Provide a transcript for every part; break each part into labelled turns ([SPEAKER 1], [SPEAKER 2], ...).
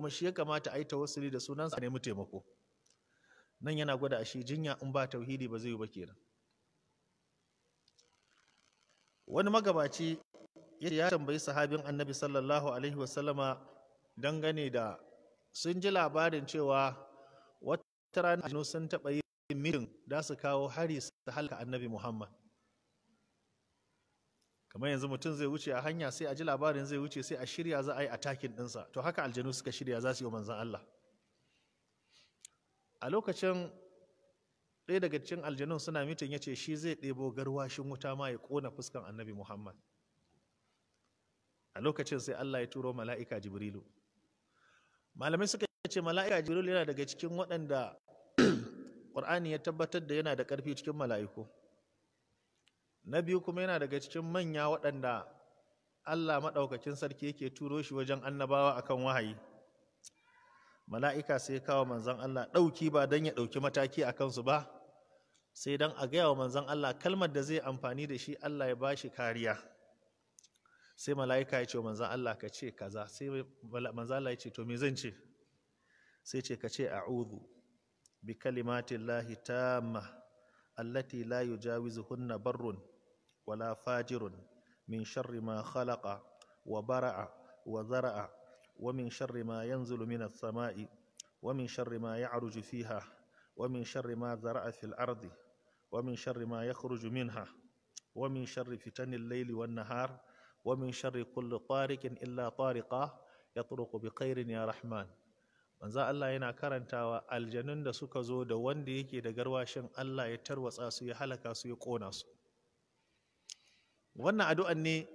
[SPEAKER 1] kuma shi ya kamata a yi tawassuli da sunansa a nemi taimako nan yana gwada a shi jinya in ba tauhidi ba zai yi ba kenan wani magabaci ya tambayi sahabin annabi sallallahu alaihi wasallama dangane da sun ji labarin cewa wata rana sun taɓa yi mitin da su kawo hari su halka annabi muhammad kamar yanzu mutum zai wuce a hanya sai a ji labarin zai wuce sai a shirya za a yi atakin ɗinsa to haka aljanu suka shirya za su yi manzan Allah a lokacin ɗaya daga cikin aljanun suna mitin ya ce shi zai ɗebo garwashin wuta ma ya ƙona fuskan annabi muhammad a lokacin sai Allah ya turo mala'ika jibrilu malamai suka ce mala'ika jibrilu yana daga cikin waɗanda ƙur'ani ya tabbatar da yana da ƙarfi cikin mala'iku na biyu kuma yana daga cikin manya waɗanda Allah maɗaukakin sarki yake turo shi wajen annabawa akan wahayi mala'ika sai kawo manzan Allah ɗauki ba don ya ɗauki mataki a kansu ba sai don a gaya wa manzan Allah kalmar da zai amfani da shi Allah ya ba shi kariya sai mala'ika ya ce wa manzan Allah ka ce kaza sai manzan Allah ya ce to me zan ce sai ce ka ce a a'udhu bi kalimatillahi tamma allati la yujawizuhunna barrun ولا فاجر من شر ما خلق وبرع وزرع ومن شر ما ينزل من السماء ومن شر ما يعرج فيها ومن شر ما زرع في الأرض ومن شر ما يخرج منها ومن شر فتن الليل والنهار ومن شر كل طارق إلا طارقة يطرق بخير يا رحمن manzo Allah yana karantawa aljanun da suka zo da wanda yake da garwashin Allah ya tarwatsa su ya halaka su ya kona su wannan addu'an ne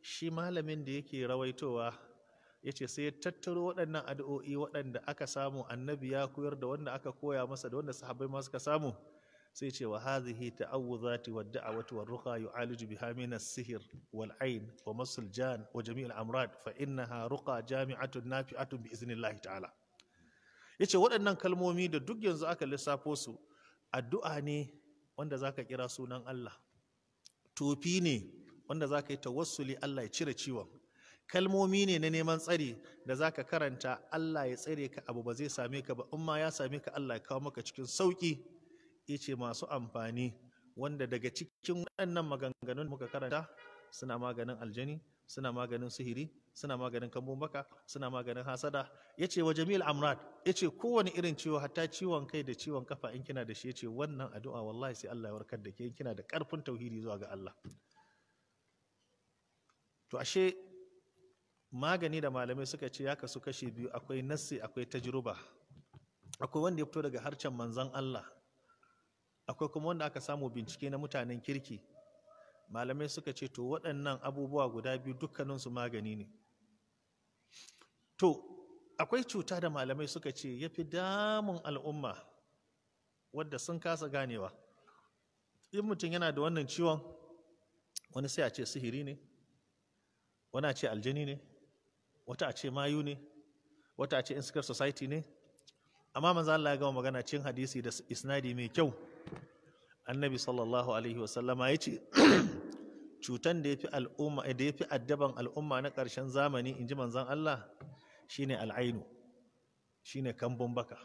[SPEAKER 1] shi malamin da yake rawaitowa ya ce sai ya tattaro waɗannan addu'o'i waɗanda aka samu annabi ya koyar da wanda aka koya masa da wanda sahabbai masu ka samu sai ce wa hadhihi ta'awu wa wadda a ruqa yu'aliju biha min as-sihr wal wa masul jan wa jami' amrad fa ha ruka jami'atun nafi'atun bi iznillahi ta'ala yace waɗannan kalmomi da duk yanzu aka lissafo su addu'a ne wanda zaka kira sunan Allah tofi ne wanda za ka yi tawassuli Allah ya cire ciwon kalmomi ne na neman tsari da za ka karanta Allah ya tsare ka abu ba zai same ka ba in ma ya same ka Allah ya kawo maka cikin sauki ya ce masu amfani wanda daga cikin waɗannan maganganun muka karanta suna maganin aljani suna maganin sihiri suna maganin kambun baka suna maganin hasada Ya ce, wa jamil amrad ce, kowane irin ciwo hatta ciwon kai da ciwon kafa in kina da shi ya ce wannan addu'a wallahi sai Allah ya warkar da ke kina da karfin tauhidi zuwa ga Allah to ashe magani da malamai suka ce ya kasu kashe biyu akwai nassi akwai tajruba akwai wanda ya fito daga harcen manzon Allah akwai kuma wanda aka samu bincike na mutanen kirki malamai suka ce to waɗannan abubuwa guda biyu dukkaninsu magani ne to akwai cuta da malamai suka ce ya fi damun al'umma wadda sun kasa ganewa in mutum yana da wannan ciwon wani sai a ce sihiri ne wani a ce aljini ne wata a ce mayu ne wata a ce insecure society ne amma manzo Allah ya gama magana cikin hadisi da isnadi mai kyau annabi sallallahu alaihi wasallama ya ce cutan da ya fi addaban al'umma na ƙarshen zamani in ji manzon Allah shine al'ainu shine kambun baka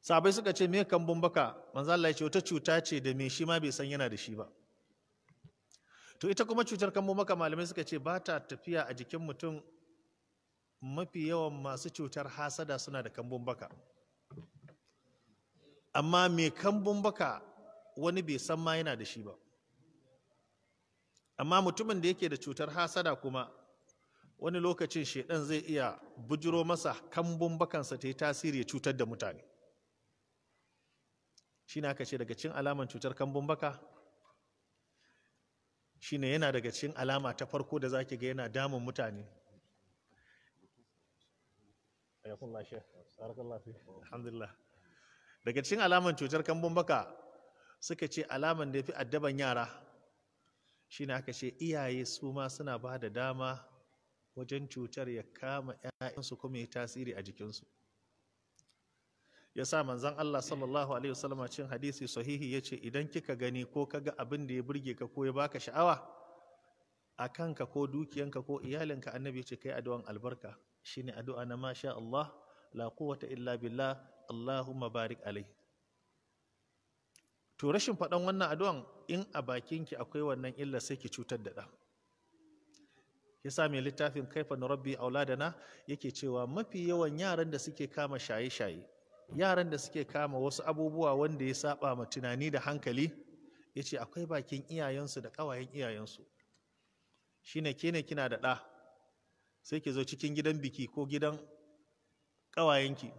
[SPEAKER 1] sabai suka ce me kambun baka manzo ya ce wata cuta ce da me shi ma bai san yana da shi ba to ita kuma cutar kambun baka malamai suka ce ba ta tafiya a jikin mutum mafi yawan masu cutar hasada suna da kambun baka amma me kambun baka wani bai san ma yana da shi ba amma mutumin da yake da cutar hasada kuma wani lokacin shaidan zai iya bujiro masa kambun bakansa ta yi tasiri ya cutar da mutane shi na ce daga cin alaman cutar kambun baka shi ne yana daga cin alama ta farko da zaki ga yana damun mutane daga cin alaman cutar kambun baka suka ce alaman da ya fi addaban yara shi aka ce iyaye su ma suna ba da dama wajen cutar ya kama ‘ya'yansu kuma ya tasiri a jikinsu ya sa manzan Allah sallallahu alaihi wasallama cin hadisi sahihi ya ce idan kika gani ko ka ga abin da ya burge ka ko ya baka sha'awa a kanka ko dukiyanka ko iyalinka annabi ce kai addu'an albarka shine addu'a na masha Allah la quwwata illa billah Allahumma barik alai to rashin faɗan wannan addu'an in a bakinki akwai wannan illa sai ki cutar da ɗan Ya sa mai littafin kaifa na rabbi auladana yake cewa mafi yawan yaran da suke kama shaye-shaye yaran da suke kama wasu abubuwa wanda ya saba ma tunani da hankali ya ce akwai bakin iyayensu da ƙawayen iyayensu Shi na kene kina da ɗa sai ki zo cikin gidan biki ko gidan ƙawayenki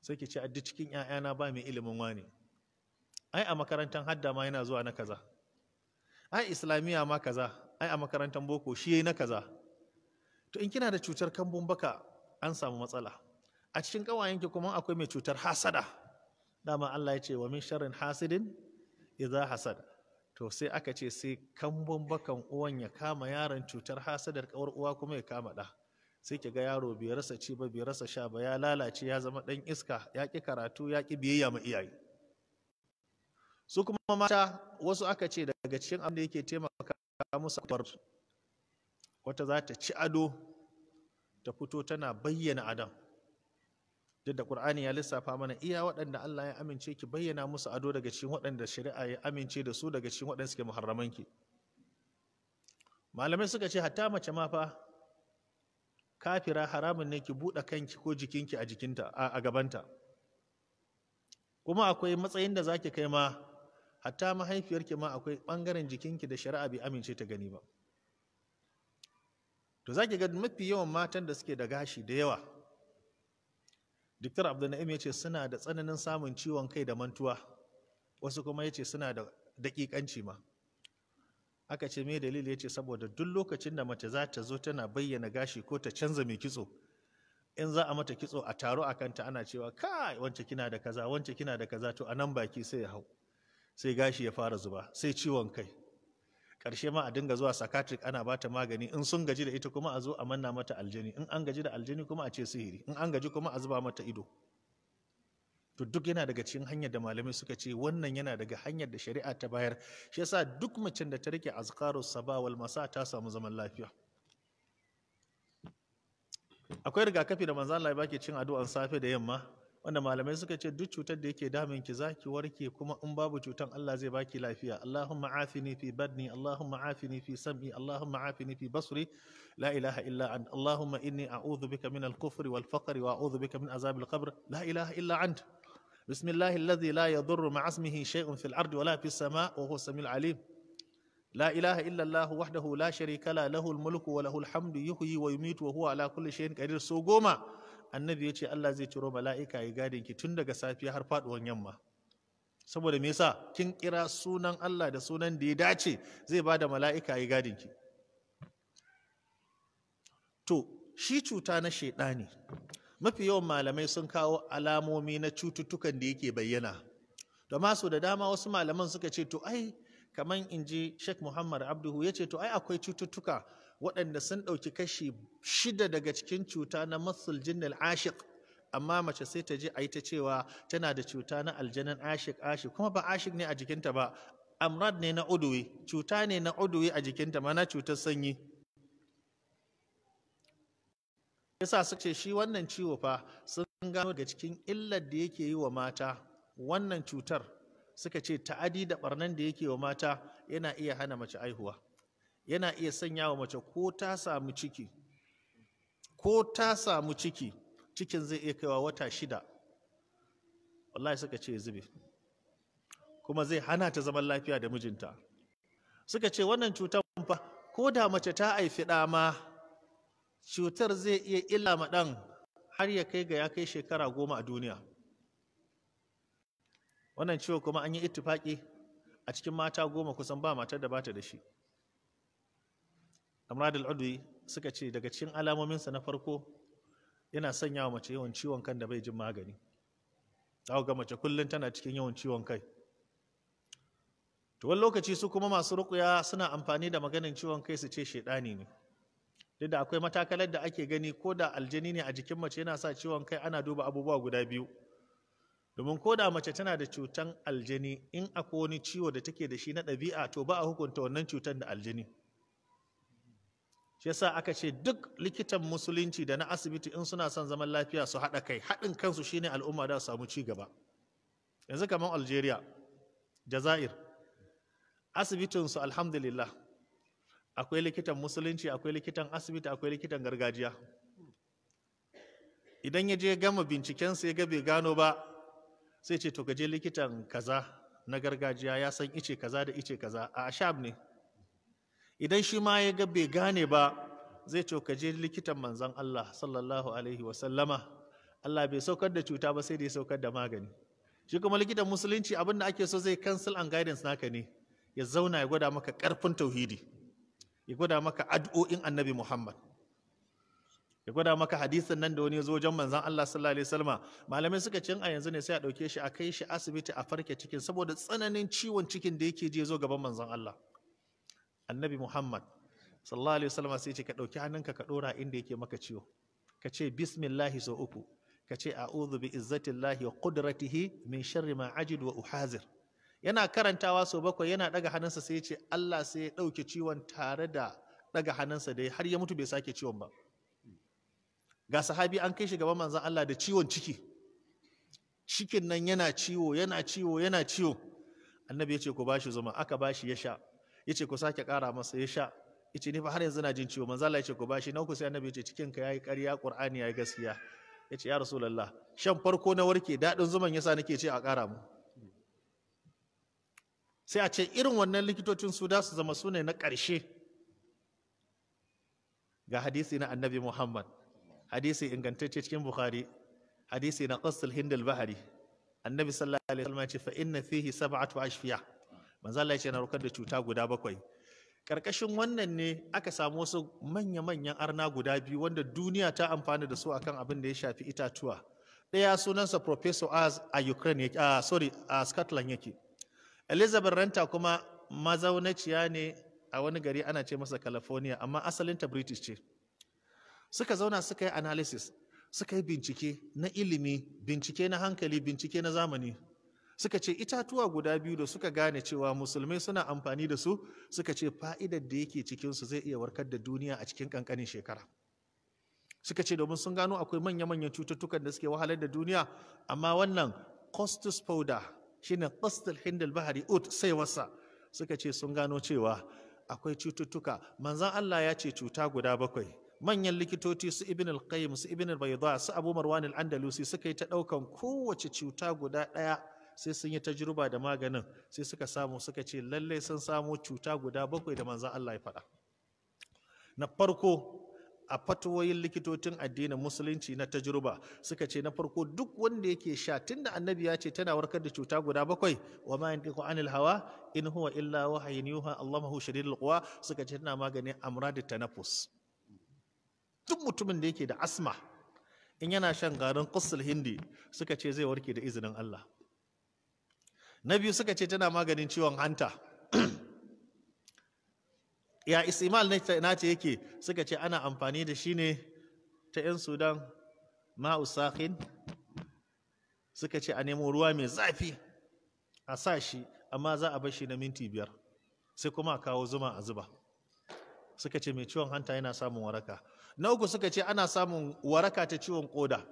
[SPEAKER 1] sai ki ce a cikin 'ya'yana ba mai ilimin wani ai a makarantar hadda ma yana zuwa na kaza ai islamiyya ma kaza ai a makarantar boko shi yayi na kaza to in kina da cutar kambun baka an samu matsala a cikin ƙawayenki kuma akwai mai cutar hasada dama Allah ya ce wa min sharrin hasidin idza hasada to sai aka ce sai kambun bakan uwan ya kama yaron cutar hasadar kawar uwa kuma ya kama da sai ki ga yaro bai rasa ci ba bai rasa sha ba ya lalace ya zama dan iska ya ki karatu ya ki biyayya ma iyaye su kuma mata wasu aka ce daga cikin abin da yake taimaka musu wata za ta ci ado ta fito tana bayyana adam duk da ƙur'ani ya lissafa mana iya waɗanda Allah ya amince ki bayyana musu ado daga cikin waɗanda shari'a ya amince da su daga cikin waɗanda suke ki malamai suka ce hatta mace ma fa kafira haramun ne ki buɗe kanki ko jikinki a jikinta a gabanta kuma akwai matsayin da zaki kai ma hatta mahaifiyarki ma akwai ɓangaren jikinki da shari'a bai amince ta gani ba to za ki ga mafi yawan matan da suke da gashi da yawa diktar Abdullahi ya ce suna da tsananin samun ciwon kai da mantuwa wasu kuma ya ce suna da daƙiƙanci ma aka ce mai dalili ya ce saboda duk lokacin da mace za ta zo tana bayyana gashi ko ta canza mai kitso in za a mata kitso a taro a kanta ana cewa kai wance kina da kaza wance kina da kaza to a nan baki sai ya hau sai gashi ya fara zuba sai ciwon kai ƙarshe ma a dinga zuwa psychiatric ana bata magani in sun gaji da ita kuma a zo a manna mata aljani in an gaji da aljani kuma a ce sihiri in an gaji kuma a zuba mata ido to duk yana daga cikin hanyar da malamai suka ce wannan yana daga hanyar da shari'a ta bayar shi yasa duk macen da ta rike azkaru saba wal masa ta samu zaman lafiya akwai rigakafi da manzo Allah ya baki cin addu'an safe da yamma wanda malamai suka ce duk cutar da yake damin ki za zaki warke kuma in babu cutan Allah zai baki lafiya Allahumma afini fi badni Allahumma afini fi sam'i Allahumma afini fi basri la ilaha illa ant Allahumma inni a'udhu bika min al-kufri wal faqri wa a'udhu bika min azab al-qabr la ilaha illa ant بسم الله الذي لا يضر مع اسمه شيء في الأرض ولا في السماء وهو السميع العليم لا إله إلا الله وحده لا شريك له له الملك وله الحمد يحيي ويميت وهو على كل شيء قدير سو goma annabi ya ce Allah zai ciro mala'ika ya gadin ki tun daga safiya har faduwan yamma saboda me yasa kin kira sunan Allah da sunan da ya dace zai ba da mala'ika ya gadin ki to shi cuta na ne. mafi yawan malamai sun kawo alamomi na cututtukan da yake bayyana da masu da dama wasu malaman suka ce to ai kamar in ji Sheikh Muhammad Abduhu ya ce to ai akwai cututtuka waɗanda sun ɗauki kashi shida daga cikin cuta na matsul jinnil ashik amma mace sai ta je a yi ta cewa tana da cuta na aljanin ashik ashik kuma ba ashik ne a jikinta ba amrad ne na uduwi cuta ne na uduwi a jikinta mana cutar sanyi yasa su ce shi wannan ciwo fa sun gano daga cikin illar da yake yi wa mata wannan cutar suka ce ta'adi da barnan da yake wa mata yana iya hana mace aihuwa yana iya sanya wa mace ko ta samu ciki ko ta samu ciki cikin zai iya kaiwa wata shida wallahi suka ce zube kuma zai hana ta zaman lafiya da mijinta suka ce wannan cutar fa ko da mace ta haifi ɗa ma cutar zai iya illa ma ɗan har ya kai ga ya kai shekara goma a duniya wannan ciwo kuma an yi ittifaki a cikin mata goma kusan ba matar da bata da shi Amradul udwi suka ce daga cikin alamominsa na farko yana sanya wa mace yawan ciwon kan da bai jin magani za ga mace kullum tana cikin yawan ciwon kai to wani lokaci su kuma masu rukuya suna amfani da maganin ciwon kai su ce shaidani ne duk da akwai matakalar da ake gani ko da aljini ne a jikin mace yana sa ciwon kai ana duba abubuwa guda biyu domin ko da mace tana da cutan aljini in akwai wani ciwo da take da shi na ɗabi'a to ba a hukunta wannan cutan da aljini shi yasa aka ce duk likitan musulunci da na asibiti in suna son zaman lafiya su haɗa kai haɗin kansu shine al'umma da su samu ci gaba yanzu kamar algeria jazair asibitinsu alhamdulillah akwai likitan musulunci akwai likitan asibiti akwai likitan gargajiya idan ya je gama bincikensa ya ga bai gano ba sai ce to gaje likitan kaza na gargajiya ya san ice kaza da ice kaza a ashab ne idan shi ma ya ga bai gane ba zai cokaje ka likitan manzon Allah sallallahu alaihi wasallama Allah bai saukar da cuta ba sai dai ya saukar da magani shi kuma likitan musulunci abinda ake so zai cancel and guidance naka ne ya zauna ya gwada maka karfin tauhidi ya gwada maka addu'o'in annabi Muhammad ya gwada maka hadisin nan da wani zo wajen manzon Allah sallallahu alaihi wasallama malamai suka ce a yanzu ne sai a dauke shi a kai shi asibiti a farke cikin saboda tsananin ciwon cikin da yake je zo gaban manzon Allah annabi muhammad sallallahu alaihi wasallam sai ce ka ɗauki hannunka ka ɗora inda yake maka ciwo ka ce bismillahi sau uku ka ce a'udhu bi izzatillahi wa qudratihi min sharri ma ajid wa uhazir yana karantawa sau bakwai yana ɗaga hannunsa sai ya ce Allah sai ya ɗauke ciwon tare da ɗaga hannunsa da har ya mutu bai sake ciwon ba ga sahabi an kai shi gaban manzon Allah da ciwon ciki cikin nan yana ciwo yana ciwo yana ciwo annabi ya ce ku bashi zuma aka bashi ya sha yace ku sake ƙara masa ya sha yace ni fa har yanzu na jin ciwo manzo Allah yace ku bashi na uku sai annabi yace cikin ka yayi ƙarya Qur'ani yayi gaskiya yace ya rasulullah shan farko na warke daɗin zuman yasa nake ce a ƙara mu sai a ce irin wannan likitocin su da su zama su ne na ƙarshe ga hadisi na annabi Muhammad hadisi ingantacce cikin Bukhari hadisi na Qasl Hindal Bahari annabi sallallahu alaihi wasallam ya ce fa inna fihi sab'atu ashfiya manzo Allah ya ce na rukar da cuta guda bakwai karkashin wannan ne aka samu wasu manya-manyan arna guda biyu wanda duniya ta amfana da su akan abin da ya shafi itatuwa ɗaya sunansa professor az a ukraine yake uh, sorry a scotland yake elizabeth ranta kuma mazaunaciya ne a wani gari ana ce masa california amma asalinta british ce suka zauna suka yi analysis suka yi bincike na ilimi bincike na hankali bincike na zamani suka ce itatuwa guda biyu da suka gane cewa musulmai suna amfani da su suka ce fa'idar da yake cikinsu zai iya warkar da duniya a cikin ƙanƙanin shekara suka ce domin sun gano akwai manya-manyan cututtukan da suke wahalar da duniya amma wannan costus powder shine costal hindal bahari ut sai wasa suka ce sun gano cewa akwai cututtuka manzan Allah ya ce cuta guda bakwai manyan likitoci su ibn al-qayyim su ibn al-bayda su abu marwan al-andalusi suka yi ta daukan kowace cuta guda daya sai sun yi tajruba da maganin sai suka samu suka ce lallai sun samu cuta guda bakwai da manzan Allah ya faɗa na farko a fatuwoyin likitocin addinin musulunci na tajruba suka ce na farko duk wanda yake sha tunda annabi ya ce tana warkar da cuta guda bakwai wa ma ɗiko anil hawa in huwa illa wahyin yuha mahu shirin quwa suka ce tana maganin amrad tanafus duk mutumin da yake da asma in yana shan garin qussul hindi suka ce zai warke da izinin Allah na biyu suka ce tana maganin ciwon hanta ya isimal na ce yake suka ce ana amfani da shi ne ta 'yan sudan ma'usakin suka ce a nemo ruwa mai zafi a sa shi amma za a bar shi na minti biyar sai kuma a kawo zuma a zuba suka ce mai ciwon hanta yana samun waraka na uku suka ce ana samun waraka ta ciwon koda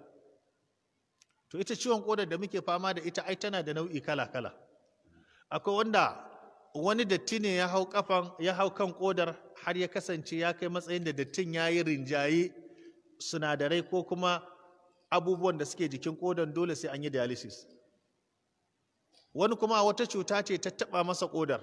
[SPEAKER 1] to ita ciwon ƙodar da muke fama da ita ai tana da nau'i kala-kala akwai wanda wani datti ne ya hau kafan ya hau kan kodar har ya kasance ya kai matsayin da dattin ya yi rinjaye sinadarai ko kuma abubuwan da suke jikin kodar dole sai an yi dialysis wani kuma wata cuta ce ta taba masa kodar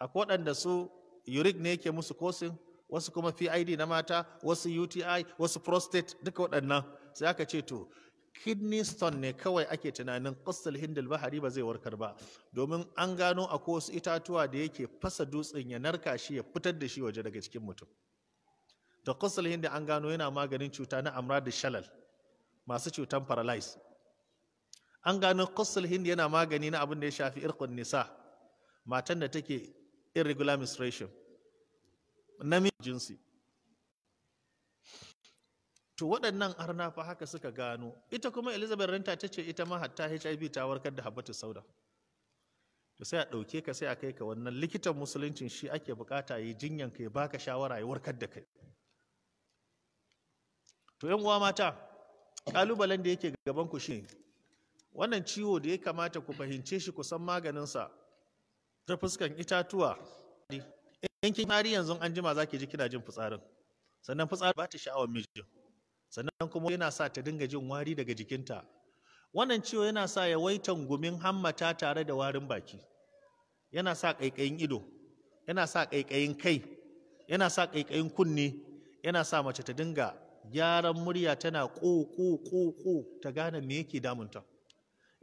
[SPEAKER 1] akwai waɗanda su uric ne yake musu kosin wasu kuma PID na mata wasu UTI wasu prostate duka waɗannan sai aka ce to kidney stone ne kawai ake tunanin ƙasar hindu bahari ba zai warkar ba domin an gano a wasu itatuwa da yake fasa dutsen ya narka shi ya fitar da shi waje daga cikin mutum da ƙasar hindu an gano yana maganin cuta na amra da shalal masu cutan paralyze an gano ƙasar hindu yana magani na abin da ya shafi irkun nisa matan da take irregular menstruation jinsi to waɗannan arna fa haka suka gano ita kuma elizabeth renta ta ce ita ma hatta hiv ta warkar da habbatu sauda to sai a ɗauke ka sai a kai ka wannan likitan musuluncin shi ake bukata yi jinyan ka ya baka shawara ya warkar da kai to yan uwa mata ƙalubalen da yake gaban ku shi wannan ciwo da ya kamata ku fahimce shi ku san maganinsa ta fuskan itatuwa in kin hari yanzu an jima zaki ji kina jin fitsarin sannan fitsarin ba ta sha'awar mijin sannan kuma yana sa ta dinga jin wari daga jikinta wannan ciwo yana sa yawaitar gumin hammata tare da warin baki yana sa ƙaiƙayin ido yana sa ƙaiƙayin kai yana sa ƙaiƙayin kunne yana sa mace ta dinga gyaran murya tana ko-ko-ko ta gane me yake damunta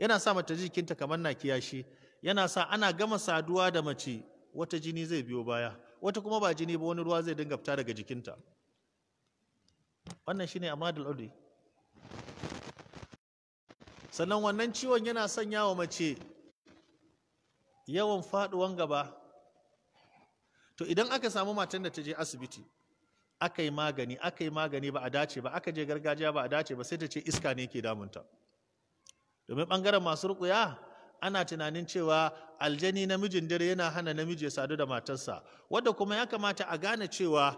[SPEAKER 1] yana sa mace jikinta kamar na kiyashi yana sa ana gama saduwa da mace wata jini zai biyo baya wata kuma ba jini ba wani ruwa zai dinga fita daga jikinta wannan shine amadul udwi sannan wannan ciwon yana sanya wa mace yawan faduwan gaba to idan aka samu matan da ta je asibiti aka yi magani aka yi magani ba a dace ba aka je gargajiya ba a dace ba sai ta ce iska ne ke damunta domin bangaren masu rukuya ana tunanin cewa aljani namijin dare yana hana namiji ya sadu da matarsa wadda kuma ya kamata a gane cewa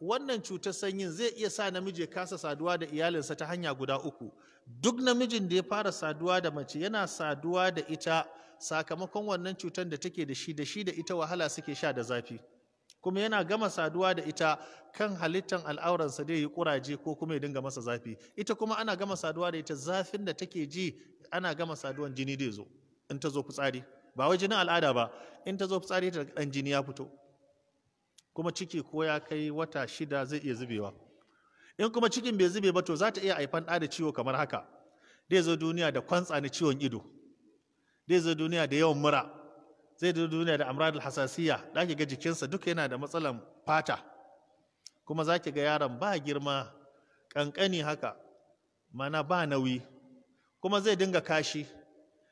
[SPEAKER 1] wannan cutar sanyin zai iya sa namiji ya kasa saduwa da iyalinsa ta hanya guda uku duk namijin da ya fara saduwa da mace yana saduwa da ita sakamakon wannan cutar da take da shi da shi da ita wahala suke sha da zafi kuma yana gama saduwa da ita kan halittan al'auransa dai yi kuraje ko kuma ya dinga masa zafi ita kuma ana gama saduwa da ita zafin da take ji ana gama saduwan jini dai zo in ta zo fitsari ba wai jinin al'ada ba in ta zo fitsari ta dan jini ya fito kuma ciki ko ya kai wata shida zai iya zubewa in kuma cikin bai zube ba to za ta iya haifan ɗa da ciwo kamar haka zai zo duniya da kwantsa na ciwon ido zai zo duniya da yawan mura zai zo duniya da amradul hasasiya da ga jikinsa duka yana da matsalan fata kuma za ki ga yaron ba girma ƙanƙani haka mana ba nauyi kuma zai dinga kashi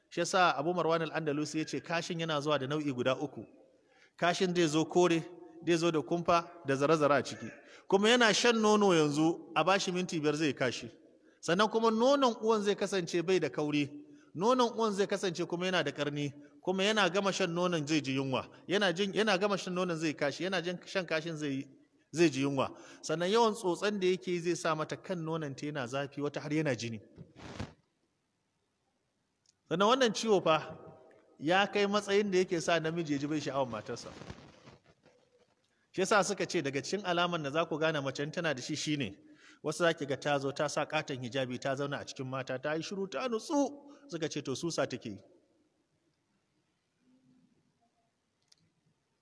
[SPEAKER 1] shi yasa abu marwan andalusi ya ce kashin yana zuwa da nau'i guda uku kashin zai zo kore zai zo da kumfa da zare-zare a ciki kuma yana shan nono yanzu a bashi minti biyar zai kashi sannan kuma nonon uwan zai kasance bai da kauri nonon uwan zai kasance kuma yana da karni kuma yana gama shan nonon zai ji yunwa yana jin yana gama shan nonon zai kashi yana jin shan kashin zai zai ji yunwa sannan yawan tsotsan da yake zai sa mata kan nonon ta yana zafi wata har yana jini sannan wannan ciwo fa ya kai matsayin da yake sa namiji ya ji bai sha'awar matarsa shi yasa suka ce daga cikin alamar da za ku gane mace tana da shi shine wasu za ki ga ta zo ta sa katon hijabi ta zauna a cikin mata ta yi shiru ta nutsu suka ce to susa take yi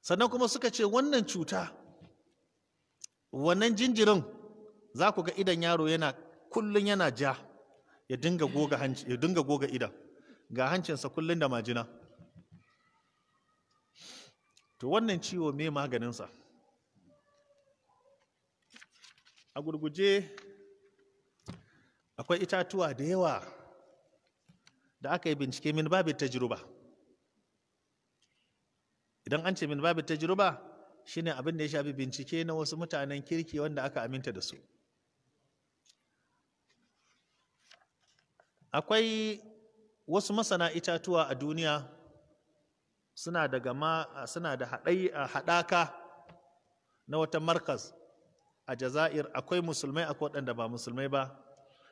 [SPEAKER 1] sannan kuma suka ce wannan cuta wannan jinjirin za ku ga idan yaro yana kullun yana ja ya dinga goga hanci idan ga hancinsa kullun da majina to wannan ciwo me maganinsa a gurguje akwai itatuwa da yawa da aka yi bincike min babin tajruba idan an ce min babin shi shine abin da ya shafi bincike na wasu mutanen kirki wanda aka aminta da su akwai wasu masana itatuwa a duniya suna da gama suna haɗaka na wata markas. a jazair akwai musulmai akwai waɗanda ba musulmai ba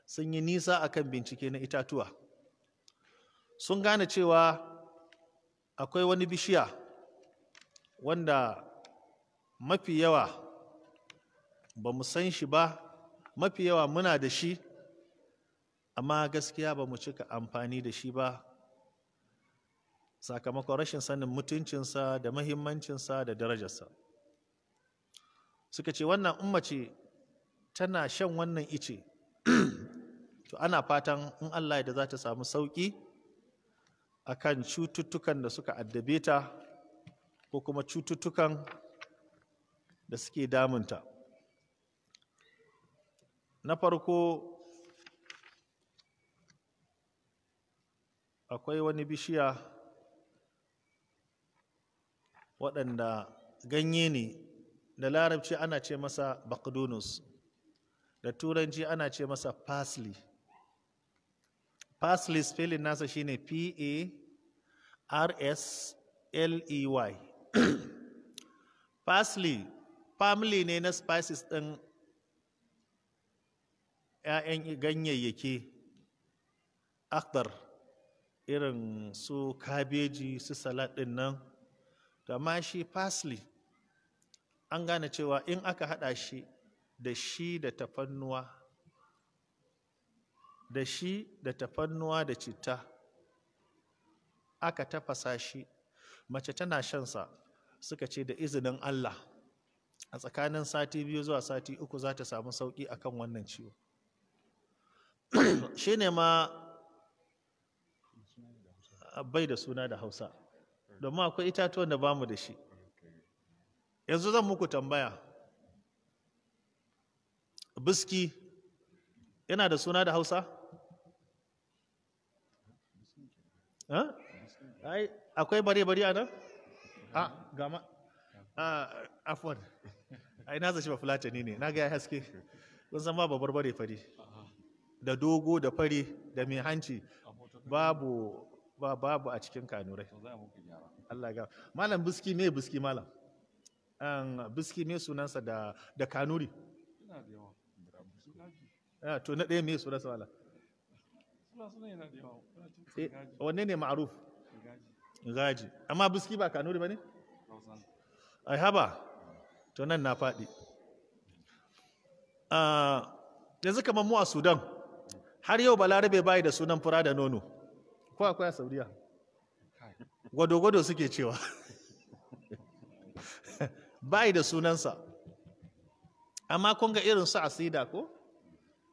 [SPEAKER 1] sun yi nisa akan bincike na itatuwa sun gane cewa akwai wani bishiya wanda mafi yawa ba mu san shi ba mafi yawa muna da shi amma gaskiya ba mu cika amfani da shi ba sakamakon rashin sanin mutuncinsa da mahimmancinsa da darajarsa suka ce wannan ummace tana shan wannan ice to ana fatan in Allah ya da za ta samu sauƙi akan cututtukan da suka addabe ta ko kuma cututtukan da suke damunta na farko akwai wani bishiya waɗanda ganye ne da larabci ana ce masa bakdunus da turanci ana ce masa parsley parsley spelling nasa shine p a r s l e y parsley family ne na spices ɗin ‘ya'yan ganyayyaki akbar irin su kabeji su salad din nan da ma shi parsley an gane cewa in aka haɗa shi da shi da tafannuwa da shi da tafannuwa da citta aka tafasa shi mace tana shansa suka ce da izinin Allah a tsakanin sati biyu zuwa sati uku za ta samu sauƙi akan wannan ciwo shi ne ma bai da suna da hausa domin akwai itatuwan da bamu da shi yanzu zan muku tambaya biski yana da suna da hausa?
[SPEAKER 2] akwai bare-bare a nan?
[SPEAKER 1] a ah, gama a ah, afon a ina zashi ba fulatani ne na ga ya haske kun san babbar bare fari da dogo da fari da mai hanci babu babu a cikin kanurai Allah ga malam biski me biski malam Um, biski me sunansa da da kanuri
[SPEAKER 2] yana
[SPEAKER 1] ah, to na ɗaya me sunansa wala
[SPEAKER 2] eh, wanne ne
[SPEAKER 1] ma'aruf gaji amma biski ba kanuri ba ne ai haba to nan na faɗi ah, yanzu kamar mu a sudan har yau balarabe bayi da sunan fura da nono ko akwai a gwado-gwado suke cewa bai da sunansa amma kun ga irin su asida ko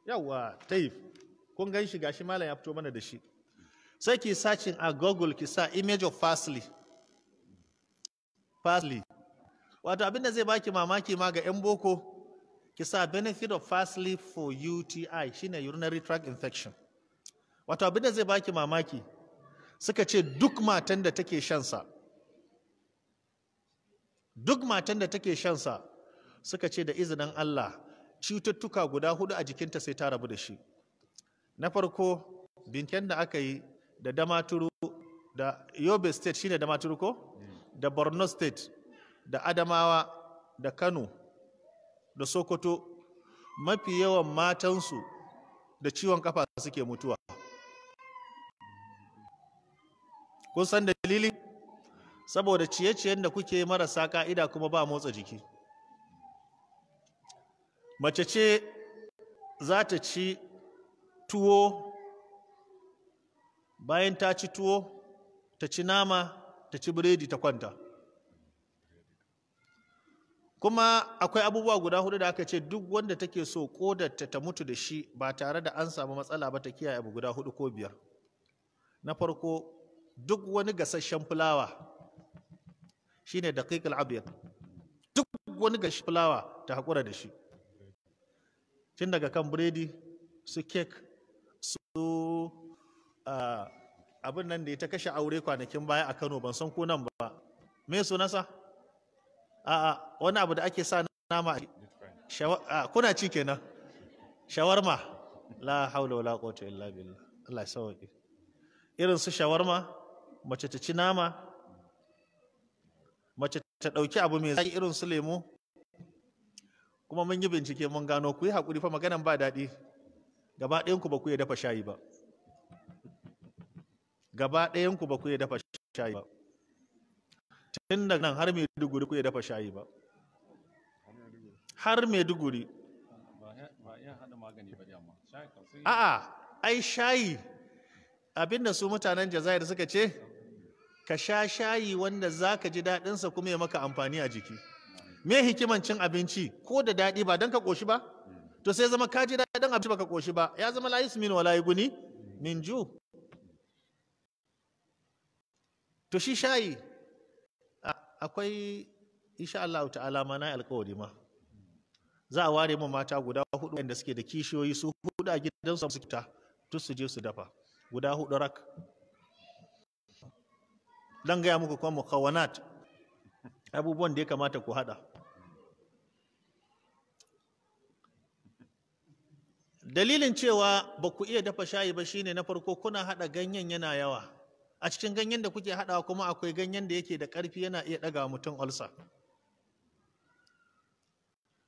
[SPEAKER 1] yawa taif kun gan shi gashi malam ya fito mana da shi sai ki sacin a google ki sa image of parsley parsley wato abin da zai baki mamaki ma ga 'yan boko ki sa benefit of parsley for UTI shine urinary tract infection wato abin da zai baki mamaki suka ce duk matan da take shan sa duk matan da take shansa suka ce da izinin Allah cututtuka guda hudu a jikinta sai ta rabu da shi na farko binken da aka yi da damaturu da yobe state shine damaturu ko mm. da borno state da adamawa da kano da sokoto mafi yawan matansu da ciwon kafa suke mutuwa kun san dalili saboda ciye-ciyen da kuke marasa ka'ida kuma ba motsa jiki mace ce za ta ci tuwo bayan ta ci tuwo ta ci nama ta ci biredi ta kwanta kuma akwai abubuwa guda hudu da aka ce duk wanda take so kodarta ta mutu da shi ba tare da an samu matsala ba ta kiyaye abu guda hudu ko biyar na farko duk wani gasasshen fulawa shine daqiqul abyad duk wani gashi fulawa ta hakura da shi tun daga kan biredi su kek su ah, abin nan da ya ta kashe aure kwanakin baya a Kano ban san ko nan ba me sunansa a'a wani abu da ake sa nama a kuna ci kenan shawarma la haula wala quwwata illa billah Allah ya sauke irin su shawarma mace ta ci nama ta ɗauki abu mai zaki irin su lemo kuma mun yi bincike mun gano ku yi haƙuri fa maganan ba daɗi gaba ɗayanku ba ku yi dafa shayi ba gaba ɗayanku ba ku yi dafa shayi ba tun da nan har mai duguri ku yi dafa shayi ba har mai duguri a'a ai shayi abinda su mutanen jazair suka ce ka sha shayi wanda za ka ji daɗinsa kuma ya maka amfani a jiki me hikiman cin abinci ko da daɗi ba don ka ƙoshi ba to sai zama ka ji daɗin abinci ba ka ƙoshi ba ya zama layi min wa layi guni min ju to shi shayi akwai insha Allah ta'ala ma na alƙawari ma za a ware mu mata guda hudu wanda suke da kishiyoyi su hudu a gidansu su fita duk su je su dafa guda hudu rak dan gaya muku kuma mukawanat abubuwan da ya kamata ku hada dalilin cewa ba ku iya dafa shayi ba shine na farko kuna hada ganyen yana yawa a cikin ganyen da kuke hadawa kuma akwai ganyen da yake da karfi yana iya daga mutum ulsa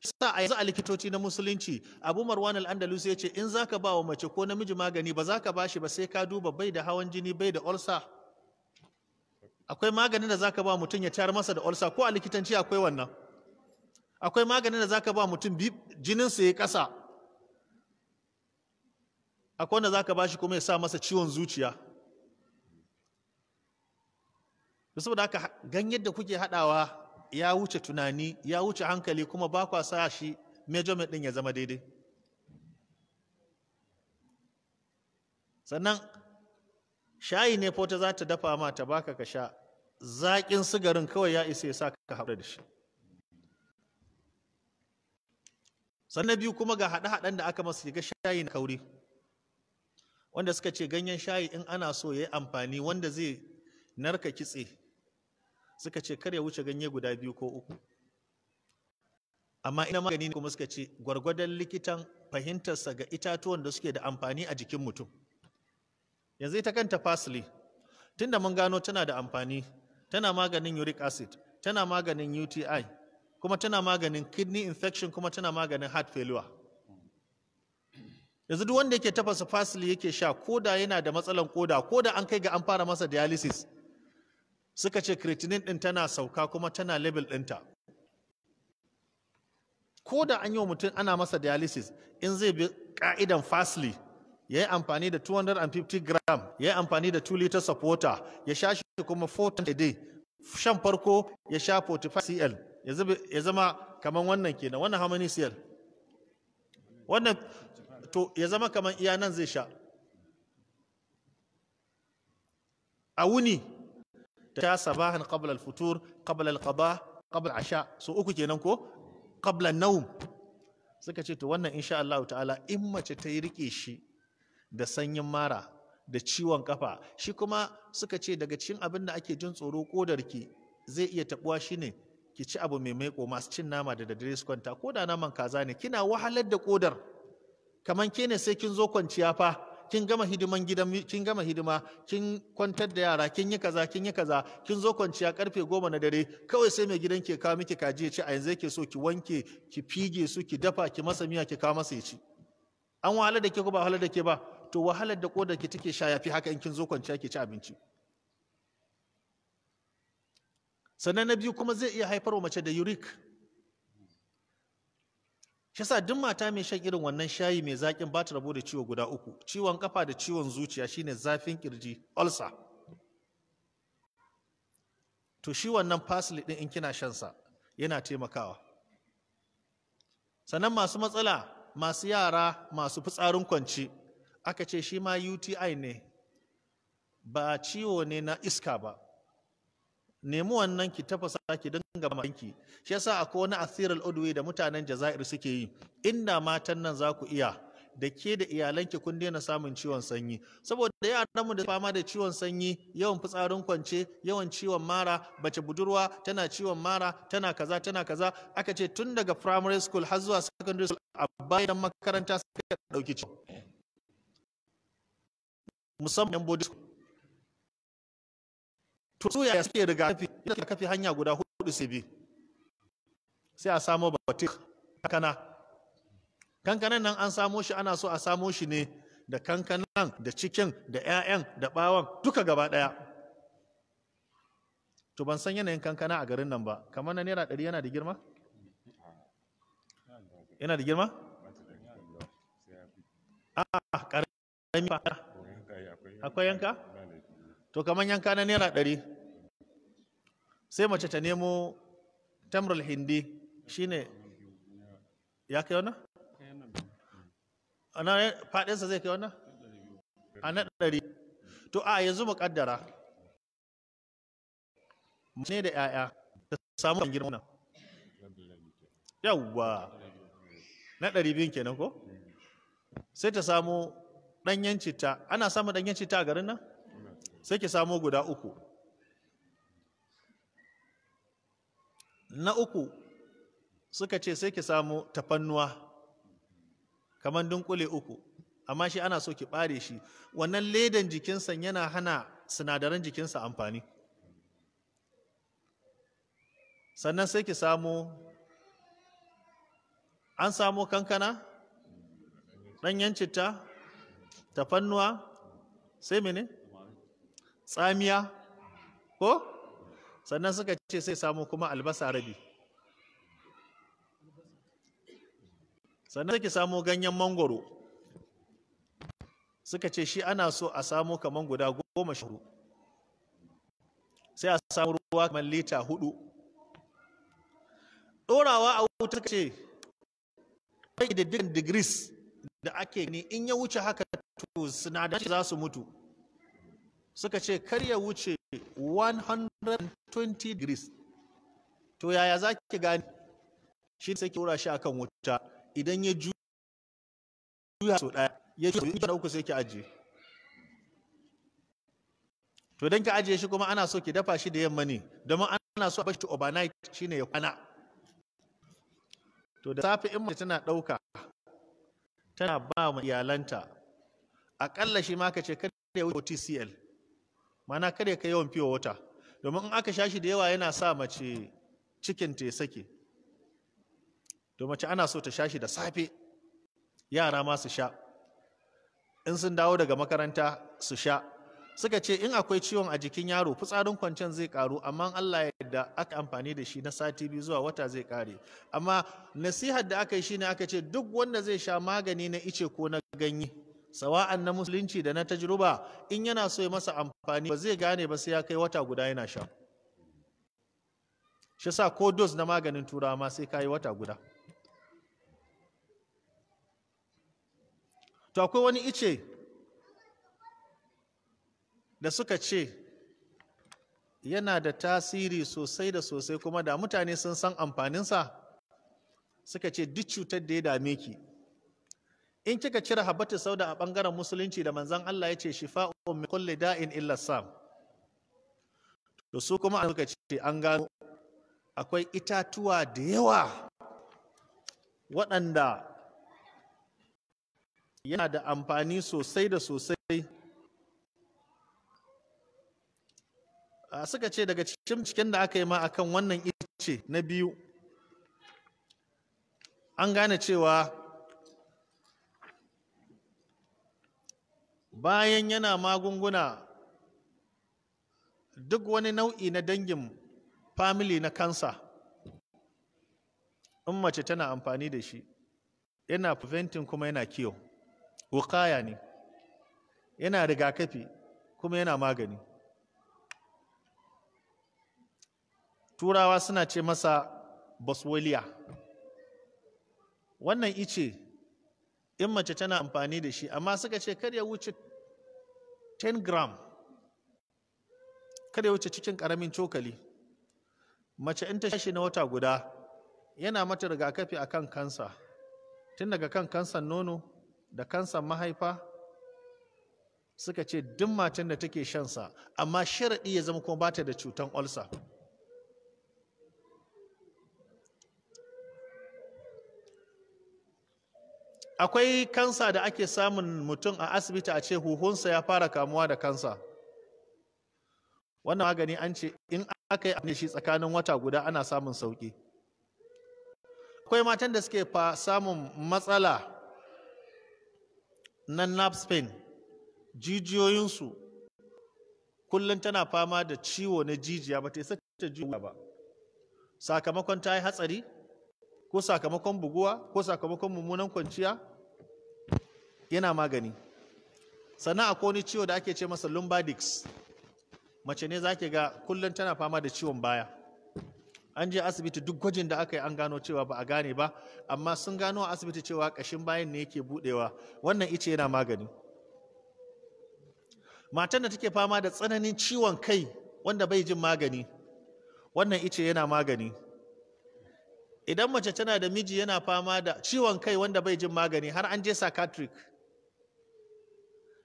[SPEAKER 1] sa a yanzu a likitoci na musulunci abu marwan al-andalus ya ce in zaka ba wa mace ko namiji magani ba ka ba shi ba sai ka duba bai da hawan jini bai da ulsa akwai maganin da zaka ba mutum ya tayar masa da ulsa ko a likitanci akwai wannan akwai maganin da zaka ba mutum jinin sa yayi ƙasa akwai wanda zaka ba shi kuma ya sa masa ciwon zuciya saboda haka ganyen da kuke haɗawa ya wuce tunani ya wuce hankali kuma ba kwa sa shi measurement din ya zama daidai sannan shayi ne fota za ta dafa ma ta baka ka sha zaƙin sigarin kawai ya isa ya sa ka haɗu da shi sannan biyu kuma ga haɗe-haɗen da aka masu shiga shayi na kauri wanda suka ce ganyen shayi in ana so ya yi amfani wanda zai narka kitse suka ce kar ya wuce ganye guda biyu ko uku amma ina magani kuma suka ce gwargwadon likitan fahimtarsa ga itatuwan da suke da amfani a jikin mutum yanzu ita kanta fasili tunda mun gano tana da amfani tana maganin uric acid tana maganin uti kuma tana maganin kidney infection kuma tana maganin heart failure yanzu duk wanda yake tafasa fasili yake sha koda yana da matsalan koda koda an kai ga an fara masa dialysis suka ce creatinine din tana sauka kuma tana level ɗinta ko da an yi wa mutum ana masa dialysis in zai bi ka'idan fasili ya yi amfani da 250 gram ya yi amfani da 2 liters of water ya sha shi kuma 4 a day shan farko ya sha 45 cl ya zama kamar wannan kenan wannan how many cl wannan to ya zama kamar iya nan zai sha a wuni ta sabahan qabla al-futur qabla al-qada qabla asha so uku kenan ko qabla an-nawm suka ce to wannan insha Allah ta'ala in mace ta yi rike shi da sanyin mara da ciwon kafa shi kuma suka ce daga cikin abin da ake jin tsoro kodarki zai iya tabuwa shine ki ci abu mai maiko masu cin nama da daddare su kwanta ko da naman kaza ne kina wahalar da kodar Kamar ke ne sai kin zo kwanciya fa kin gama hidiman gidan kin gama hidima kin kwantar da yara kin yi kaza kin yi kaza kin zo kwanciya karfe goma na dare kawai sai mai gidan ke kawo miki kaji ya ci a yanzu yake so ki wanke ki fige su ki dafa ki masa miya ki kawo masa ya ci an wahalar da ke ko ba wahalar da ke ba to wahalar da kodar ki take sha yafi haka in kin zo kwanciya ki ci abinci sannan na biyu kuma zai iya haifar wa mace da uric shi yasa duk mata mai shan irin wannan shayi mai zaƙin ba ta rabo da ciwo guda uku ciwon kafa da ciwon zuciya shine zafin kirji ulcer to shi wannan parsley din in kina shan sa yana taimakawa sannan masu matsala masu yara masu fitsarin kwance aka ce shi ma uti ne ba ciwo ne na iska ba nemi wannan ki tafasa ki dinga mamanki shi yasa akwai wani asir al da mutanen Jazair suke yi inda matan nan za ku iya da ke da iyalanki kun daina samun ciwon sanyi saboda yaran mu da fama da ciwon sanyi yawan fitsarin kwance yawan ciwon mara bace budurwa tana ciwon mara tana kaza tana kaza aka ce tun daga primary school har zuwa secondary school a bayan makaranta suka dauki ciwon musamman body to su yaya suke rigakafi inda kafi hanya guda hudu sai bi sai a samo batik kankana kankanan nan an samo shi ana so a samo shi ne da kankanan da cikin da 'ya'yan da bawan duka gaba ɗaya to ban san yanayin kankana a garin nan ba kamar na naira dari yana da girma yana da girma a ah, ƙarami akwai yanka to kamar yanka na naira ɗari sai mace ta nemo tamral hindi shine ya kai wana? ana faɗinsa zai kai wana? a na ɗari to a yanzu mu ƙaddara ne da 'ya'ya ta samu kan girma yawwa na ɗari biyun kenan ko sai ta samu ɗanyen citta ana samun ɗanyen citta a garin nan sai ki samo guda uku na uku suka ce sai ki samo tafannuwa kamar dunkule uku amma shi ana so ki ɓare shi wannan ledan jikinsa yana hana sinadaran jikinsa amfani sannan sai ki samo an samo kankana ɗanyen citta tafannuwa sai mene tsamiya ko sannan suka ce sai samu kuma albasa rabi sannan suke samu ganyen mangoro suka ce shi ana so a samu kaman guda goma sha sai a samu ruwa kamar lita hudu ɗorawa a wuta ce kai da digris da ake ne in ya wuce haka to sinadarai za su mutu suka ce kar ya wuce 120 degrees to yaya za ki gani shi sai ki wura shi akan wuta idan ya juya so daya ya juya da uku sai ki ajiye to dan ki ajiye shi kuma ana so ki dafa shi da yamma ne domin ana so a bashi overnight shine ya kwana to da safe in mace tana dauka tana ba mu iyalanta aƙalla shi ma ka ce kada ya wuce TCL, mana kada ka yawan fiye wata domin in aka sha shi da yawa yana sa mace cikin ta ya sake to mace ana so ta sha shi da safe yara ma su sha in sun dawo daga makaranta su sha suka ce in akwai ciwon a jikin yaro fitsarin kwancen zai karu amma Allah ya da aka amfani da shi na sati biyu zuwa wata zai kare amma nasihar da aka yi shine aka ce duk wanda zai sha magani na ice ko na ganye sawa'an na musulunci da na tajruba in yana so ya masa amfani ba zai gane ba sai ya kai wata guda yana sha shi sa ko dos na maganin turawa ma sai kayi wata guda to akwai wani ice da suka ce yana da tasiri sosai da sosai kuma da mutane sun san amfaninsa suka ce duk cutar da ya dame ki in kika cire habatu sauda a bangaren musulunci da manzan Allah ya ce shifa min kulli da'in illa sam su kuma suka ce an gano akwai itatuwa da yawa waɗanda yana da amfani sosai da sosai suka ce daga cikin cikin da aka yi ma akan wannan ice na biyu an gane cewa bayan yana magunguna duk wani nau'i na dangin family na kansa in mace tana amfani da shi yana preventing kuma yana kiyo wukaya ne yana rigakafi kuma yana magani turawa suna ce masa boswellia wannan ice in mace tana amfani da shi amma suka ce kar ya wuce 10 gram kar ya wuce cikin karamin cokali mace in ta shi na wata guda yana mata rigakafi a kan kansa tun daga kan kansan nono da kansan mahaifa suka ce duk matan da take shansa amma sharaɗi ya zama kuma bata da cutan olsa akwai kansa da ake samun mutum a asibiti a ce huhunsa ya fara kamuwa da kansa wannan magani an ce in aka yi abin shi tsakanin wata guda ana samun sauki akwai matan da suke fa samun matsala na nerve pain jijiyoyinsu kullum tana fama da ciwo na jijiya ba ta isa ta jijiya ba sakamakon ta yi hatsari ko sakamakon buguwa ko sakamakon mummunan kwanciya yana magani sannan akwai wani ciwo da ake ce masa lumbar mace ne za ga kullum tana fama da ciwon baya an je asibiti duk gwajin da aka yi an gano cewa ba a gane ba amma sun gano a asibiti cewa ƙashin bayan ne yake buɗewa wannan ice yana magani matan da take fama da tsananin ciwon kai wanda bai jin magani wannan ice yana magani idan mace tana da miji yana fama da ciwon kai wanda bai jin magani har an je psychiatric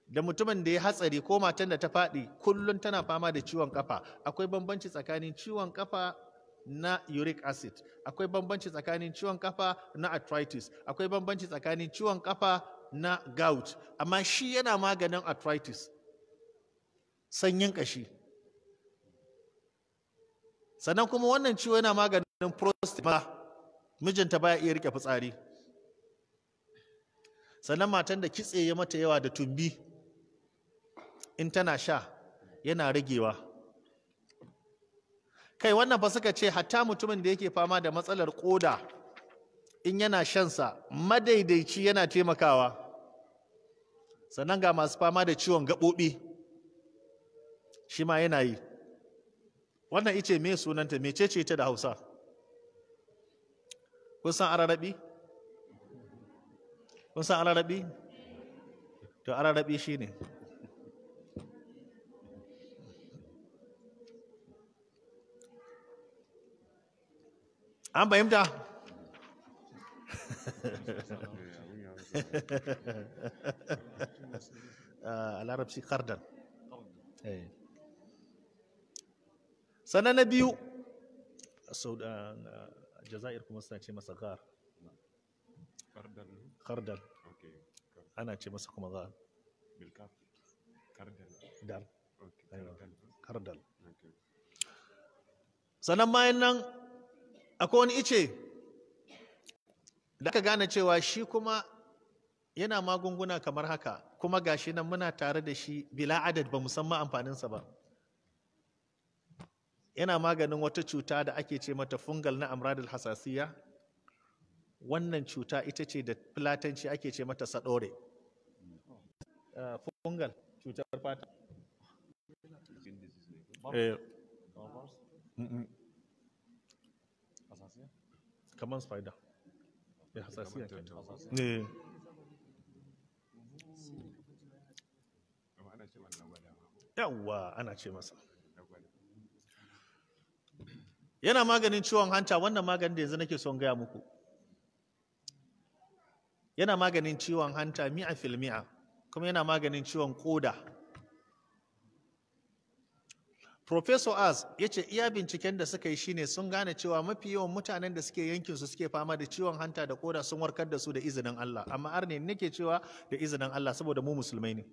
[SPEAKER 1] da mutumin da ya hatsari ko matan da ta faɗi kullum tana fama da ciwon kafa akwai bambanci tsakanin ciwon kafa na uric acid akwai bambanci tsakanin ciwon kafa na arthritis akwai bambanci tsakanin ciwon kafa na gout amma shi yana maganin arthritis sanyin kashi sannan kuma wannan ciwo yana maganin prostate mijinta baya iya rike fitsari sannan matan da kitse ya mata yawa da tumbi in tana sha yana ragewa kai wannan ba suka ce hatta mutumin da yake fama da matsalar koda in yana shan sa, madaidaici yana taimakawa sannan ga masu fama da ciwon gaɓoɓi shi ma yana yi wannan ice me sunanta mecece ta da hausa kun san ararabi kun san ararabi to ararabi shine an fahimta ah, a larabci kardan eh. sannan na biyu ah, jazair kuma suna ce masa ghar ana ce masa kuma ghar sannan bayan nan akwai wani ice da aka gane cewa shi kuma yana magunguna kamar haka kuma gashi nan muna tare da shi bila adad ba musamman amfaninsa ba yana maganin wata cuta da ake ce mata fungal na amradul hasasiya wannan cuta ita ce da filatanci ake ce mata sadore eh, fungal cutar fata eh, kamar spider hasasiya ne eh. yawwa ana ce masa yana maganin ciwon hanta wannan maganin da yanzu nake son gaya muku yana maganin ciwon hanta mi'a filmi'a, kuma yana maganin ciwon koda Professor Az ya ce iya binciken da suka yi shine sun gane cewa mafi yawan mutanen da suke yankin su suke fama da ciwon hanta da koda sun warkar da su da izinin Allah amma arne nake cewa da izinin Allah saboda mu musulmai ne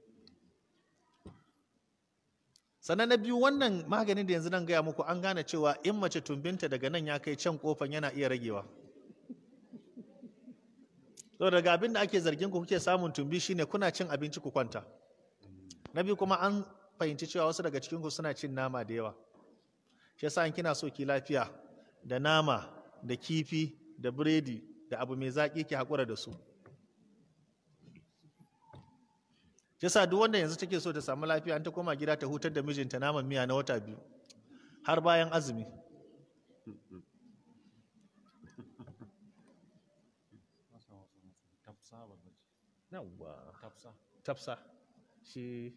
[SPEAKER 1] sannan na biyu wannan maganin da yanzu nan gaya muku an gane cewa in mace tumbinta daga nan ya kai can kofan yana iya ragewa to daga abin da ake zargin ku kuke samun tumbi shine kuna cin abinci ku kwanta na biyu kuma an fahimci cewa wasu daga cikin ku suna cin nama da yawa shi yasa kina so ki lafiya da nama da kifi da biredi da abu mai zaki ki hakura da su yasa duk wanda yanzu take so ta samu lafiya an ta koma gida ta hutar da mijinta naman miya na wata biyu har bayan azumi tafsa shi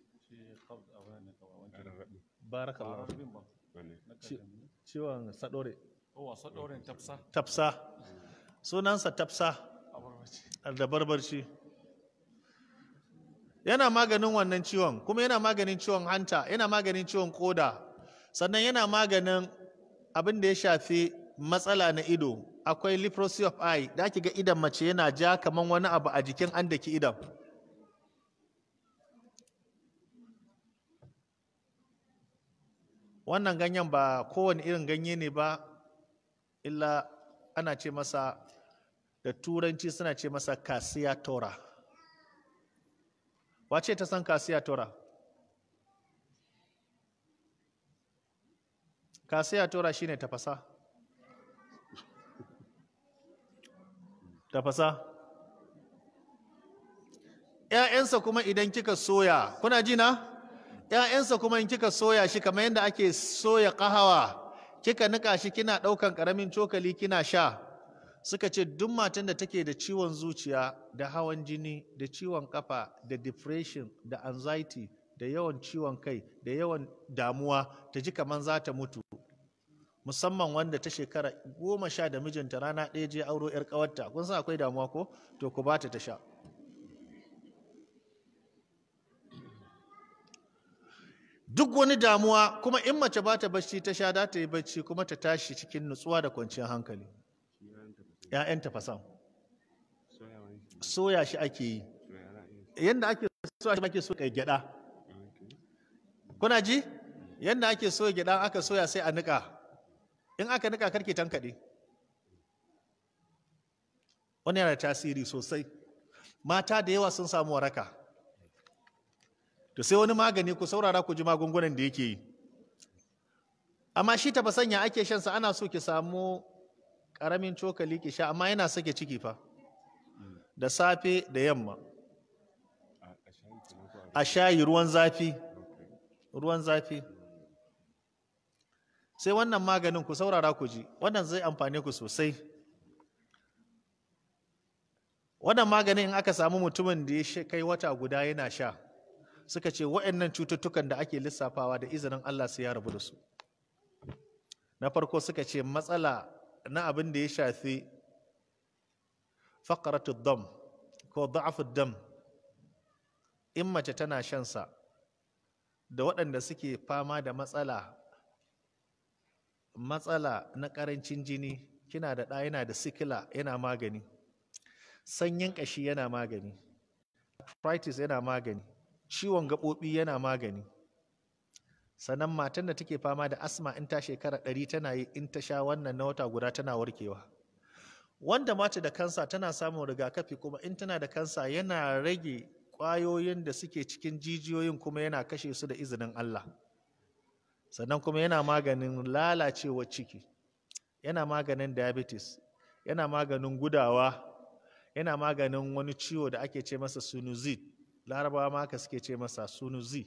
[SPEAKER 1] ciwon sadore tafsa sunansa tafsa a barbarci yana maganin wannan ciwon kuma yana maganin ciwon hanta yana maganin ciwon koda sannan yana maganin abin da ya shafi matsala na ido akwai leprosy of eye da ga idan mace yana ja kamar wani abu a jikin an daki idan wannan ganyen ba kowane irin ganye ne ba illa ana ce masa da turanci suna ce masa kasiya tora wace ta san kasiya tora kasiya tora shine tafasa tafasa ‘ya'yansa kuma idan kika soya kuna jina ‘ya'yansa kuma in kika soya shi kamar yadda ake soya ƙahawa kika nika shi kina ɗaukan ƙaramin cokali kina sha suka ce duk matan da take da ciwon zuciya da hawan jini da ciwon kafa da depression da anxiety da yawan ciwon kai da yawan damuwa ta ji kamar za ta mutu musamman wanda ta shekara goma sha da mijinta rana ɗaya je auro 'yar ƙawarta kun san akwai damuwa ko to ku bata ta sha duk wani damuwa kuma in mace ba ta bacci ta sha za ta yi bacci kuma ta tashi cikin nutsuwa da kwanciyar hankali ‘ya'yan tafasan soya shi ake yi yadda ake soya shi ake soya gyada kuna ji yadda ake soya gyada aka soya sai a nika in aka nika karki tankade. wani yana tasiri sosai mata da yawa sun samu waraka to sai wani magani ku saurara ku ji magungunan da yake yi amma shi tafasan ya ake shansa ana so ki samu ƙaramin cokali ke sha amma yana sake ciki fa da safe da yamma a shayi ruwan zafi ruwan zafi sai wannan maganin ku saurara ku ji wannan zai amfane ku sosai wannan maganin in aka samu mutumin da ya kai wata guda yana sha suka ce waɗannan cututtukan da ake lissafawa da izinin Allah su ya rabu da su na farko suka ce matsala na abin da ya shafi faƙaratul dam ko da'aful dam in mace tana shansa da waɗanda suke fama da matsala matsala na ƙarancin jini kina da ɗa yana da sikila yana magani sanyin ƙashi yana magani arthritis yana magani ciwon gaɓoɓi yana magani sannan matan da take fama da asma in ta shekara ɗari tana yi in ta sha wannan na wata guda tana warkewa wanda mace da kansa tana samun rigakafi kuma in tana da kansa yana rage ƙwayoyin da suke cikin jijiyoyin kuma yana kashe su da izinin Allah sannan kuma yana maganin lalacewar ciki yana maganin diabetes yana maganin gudawa yana maganin wani ciwo da ake ce masa sunuzid larabawa ma suke ce masa sunuzi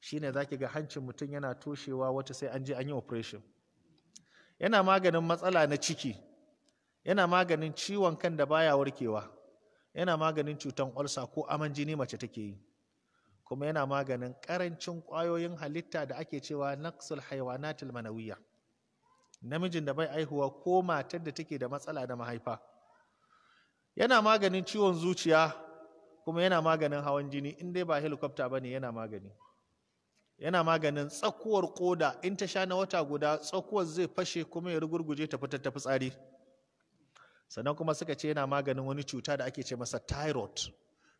[SPEAKER 1] shine zaki ga hancin mutum yana toshewa wata sai an ji an yi operation yana maganin matsala na ciki yana maganin ciwon kan da baya warkewa yana maganin cutan olsa ko aman jini mace take yi kuma yana maganin karancin kwayoyin halitta da ake cewa naqsul haywanatil manawiya namijin da bai aihuwa ko matar da take da matsala da mahaifa yana maganin ciwon zuciya kuma yana maganin hawan jini in dai ba ba ne, yana magani yana maganin tsakuwar ƙoda, in ta sha na wata guda tsakuwar zai fashe kuma ya rugurguje ta fitar ta fitsari sannan kuma suka ce yana maganin wani cuta da ake ce masa thyroid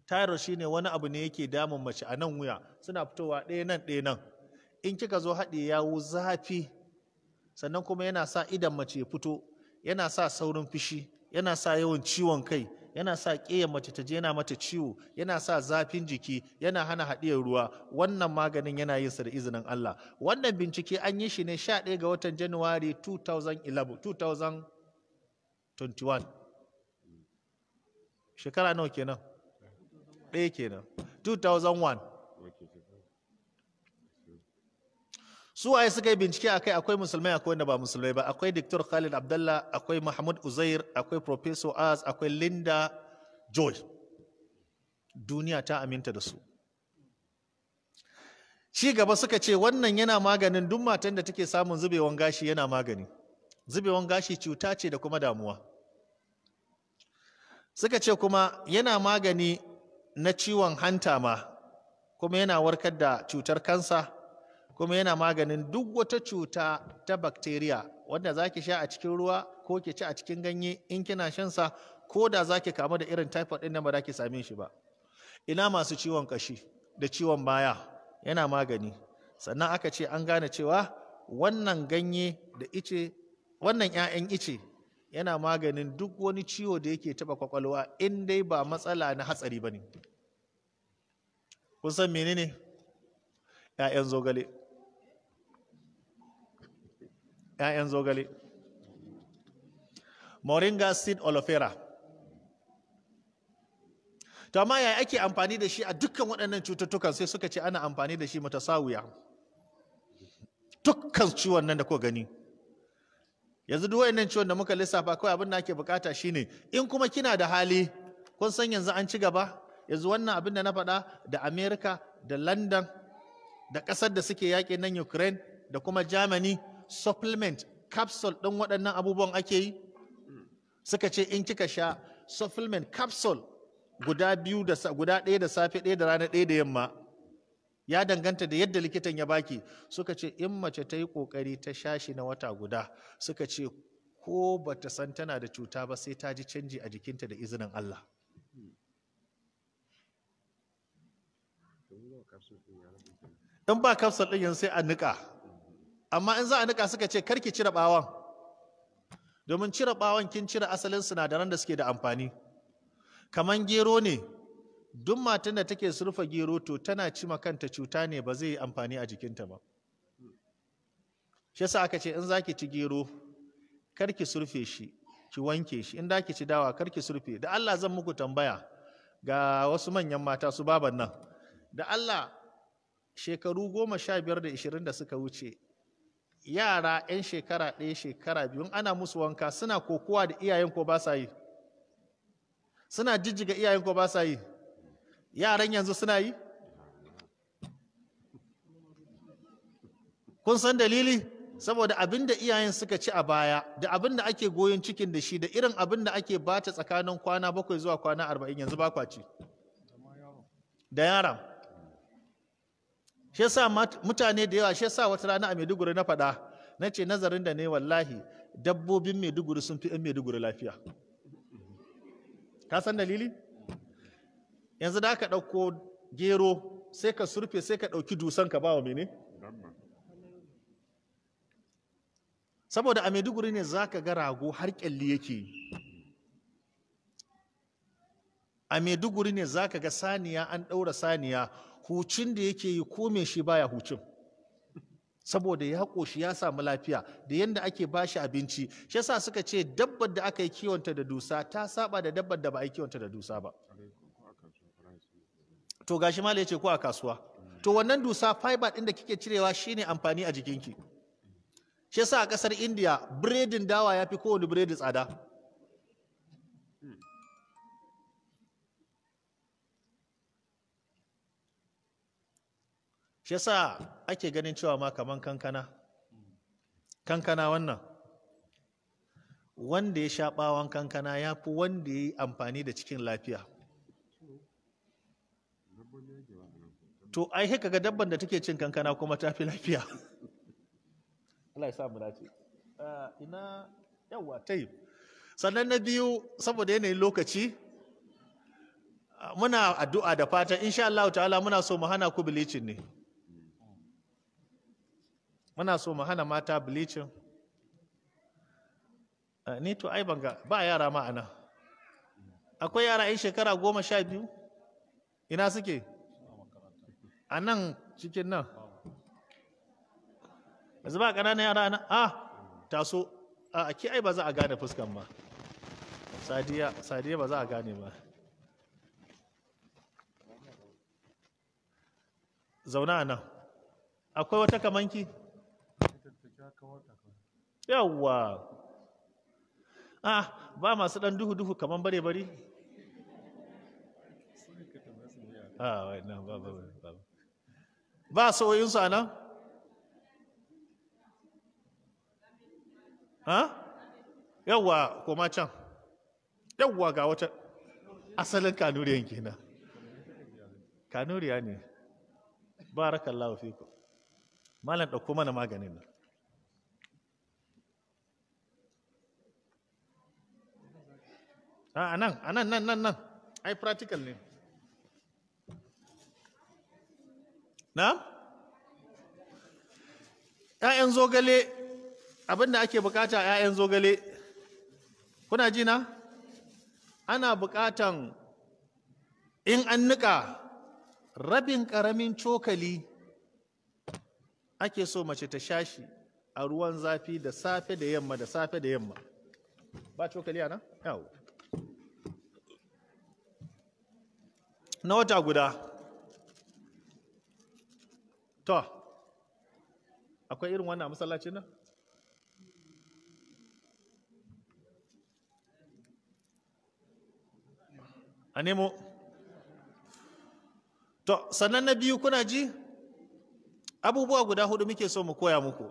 [SPEAKER 1] thyroid shine wani abu ne yake damun mace a nan wuya suna fitowa ɗaya nan ɗaya nan in kika zo haɗe yawo zafi sannan kuma yana sa idan mace ya fito yana sa saurin fishi yana sa yawan ciwon kai yana sa ƙeyar mace ta je yana mata ciwo yana sa zafin jiki yana hana haɗiyar ruwa wannan maganin yana yin sa da izinin Allah wannan bincike an yi shi ne 11 ga watan January 2011 2021 shekara nawa kenan ɗaya kenan su waye suka yi bincike akai akwai musulmai akwai wanda ba musulmai ba akwai Dr. Khalid Abdullah akwai Mahmud Uzair akwai Professor Az akwai Linda Joy. duniya ta aminta da su ci gaba suka ce wannan yana maganin duk matan da take samun zubewan gashi yana magani zubewan gashi cuta ce da kuma damuwa suka ce kuma yana magani na ciwon hanta ma kuma yana warkar da cutar kansa kuma yana maganin duk wata cuta ta bakteriya wanda za ki sha a cikin ruwa ko ki ci a cikin ganye in kina shansa ko da za ki kamu da irin typhoid ɗin nan ba za ki same shi ba ina masu ciwon kashi da ciwon baya yana magani sannan aka ce an gane cewa wannan ganye da ice wannan 'ya'yan ice yana maganin duk wani ciwo da yake taɓa kwakwalwa in dai ba matsala na hatsari ba ne kun san menene 'ya'yan zogale 'ya'yan zogale moringa seed olofera to amma ya ake amfani da shi a dukkan waɗannan cututtukan sai suka ce ana amfani da shi matasawiya dukkan ciwon nan da ko gani yanzu duk wayannan ciwon da muka lissafa kawai abin da ake bukata shine in kuma kina da hali kun san yanzu an ci gaba yanzu wannan abin da na faɗa da Amerika da London da ƙasar da suke yaƙi nan Ukraine da kuma Germany supplement capsule ɗin waɗannan abubuwan ake yi suka ce in kika sha supplement capsule guda biyu da guda ɗaya da safe ɗaya da rana ɗaya da yamma ya danganta da yadda likitan ya baki suka ce in mace ta yi ƙoƙari ta sha shi na wata guda suka ce ko ba ta san tana da cuta ba sai ta ji canji a jikinta da izinin Allah. In ba kafsar ɗin yanzu sai a niƙa amma in za a nika suka ce karki cire bawon domin cire bawon kin cire asalin sinadaran da suke da amfani kaman gero ne duk matan da take surfa gero to tana ci kanta cuta ne ba zai yi amfani a jikinta ba shi yasa aka ce in za ki ci gero karki surfe shi ki wanke shi in da ki ci dawa karki surfe da Allah zan muku tambaya ga wasu manyan mata su baban nan da Allah shekaru goma sha biyar da ishirin da suka wuce yara 'yan shekara ɗaya shekara biyu ana musu wanka suna kokowa da iyayen ko ba sa yi suna jijjiga iyayen ko ba sa yi yaran yanzu suna yi kun san dalili saboda abin da iyayen suka ci a baya da abin da ake goyon cikin da shi da irin abin da ake bata tsakanin kwana bakwai zuwa kwana arba'in yanzu ba ci da yaran shi yasa mutane da yawa shi yasa wata rana a Maiduguri na faɗa na ce nazarin da ne wallahi dabbobin Maiduguri sun fi ɗan Maiduguri lafiya ka san dalili yanzu da ka ɗauko gero sai ka surfe sai ka ɗauki dusan ka ba wa mene saboda a Maiduguri ne za ka ga rago har ƙyalli yake yi a Maiduguri ne za ka ga saniya an ɗaura saniya hucin da yake yi ko me shi baya hucin saboda ya koshi ya samu lafiya da yadda ake bashi abinci shi yasa suka ce dabbar da aka yi kiwonta da dusa ta saba da dabbar da ba a yi kiwonta da dusa ba to gashi ya ce ko a kasuwa to wannan dusa fiber din da kike cirewa shine amfani a jikinki shi yasa a kasar India biredin dawa yafi kowane biredi tsada shi yasa ake ganin cewa ma kaman kankana kankana wannan wanda ya sha bawon kankana ya fi wanda ya yi amfani da cikin lafiya to ai haka ga dabban da take cin kankana kuma ta fi lafiya Allah ya sa mu dace ah, ina yawa tayi sannan na biyu saboda yanayin lokaci muna addu'a da fata insha Allah ta'ala muna so mu hana ku bilicin ne muna so mu hana mata bleaching eh, ni to ai banga ba yara ma ana. akwai yara ai shekara goma sha biyu ina suke a nan cikin nan yanzu ba ƙananan yara nan ah taso a ah, ki ai ba za a gane fuskan ba sadiya sadiya ba za a gane ba zauna a nan akwai wata kamanki yawwa ah ba masu dan duhu duhu kaman bare bare ah wai na ba ba ba ba soyin a nan ha ah? yawwa ma can yawwa ga wata asalin kanuriyan kenan kanuriya ne barakallahu fiku malam dauko mana maganin nan a ah, nan a nan nan nan nan ai practical ne na ‘ya'yan zogale abinda ake bukata ‘ya'yan zogale kuna ji na ana bukatan in an nika rabin ƙaramin cokali ake so mace ta sha shi a ruwan zafi da safe da yamma da safe da yamma ba cokali ana? yawo na wata guda to akwai irin wannan masallacin nan a nemo to sannan na biyu kuna ji abubuwa guda hudu muke so mu koya muku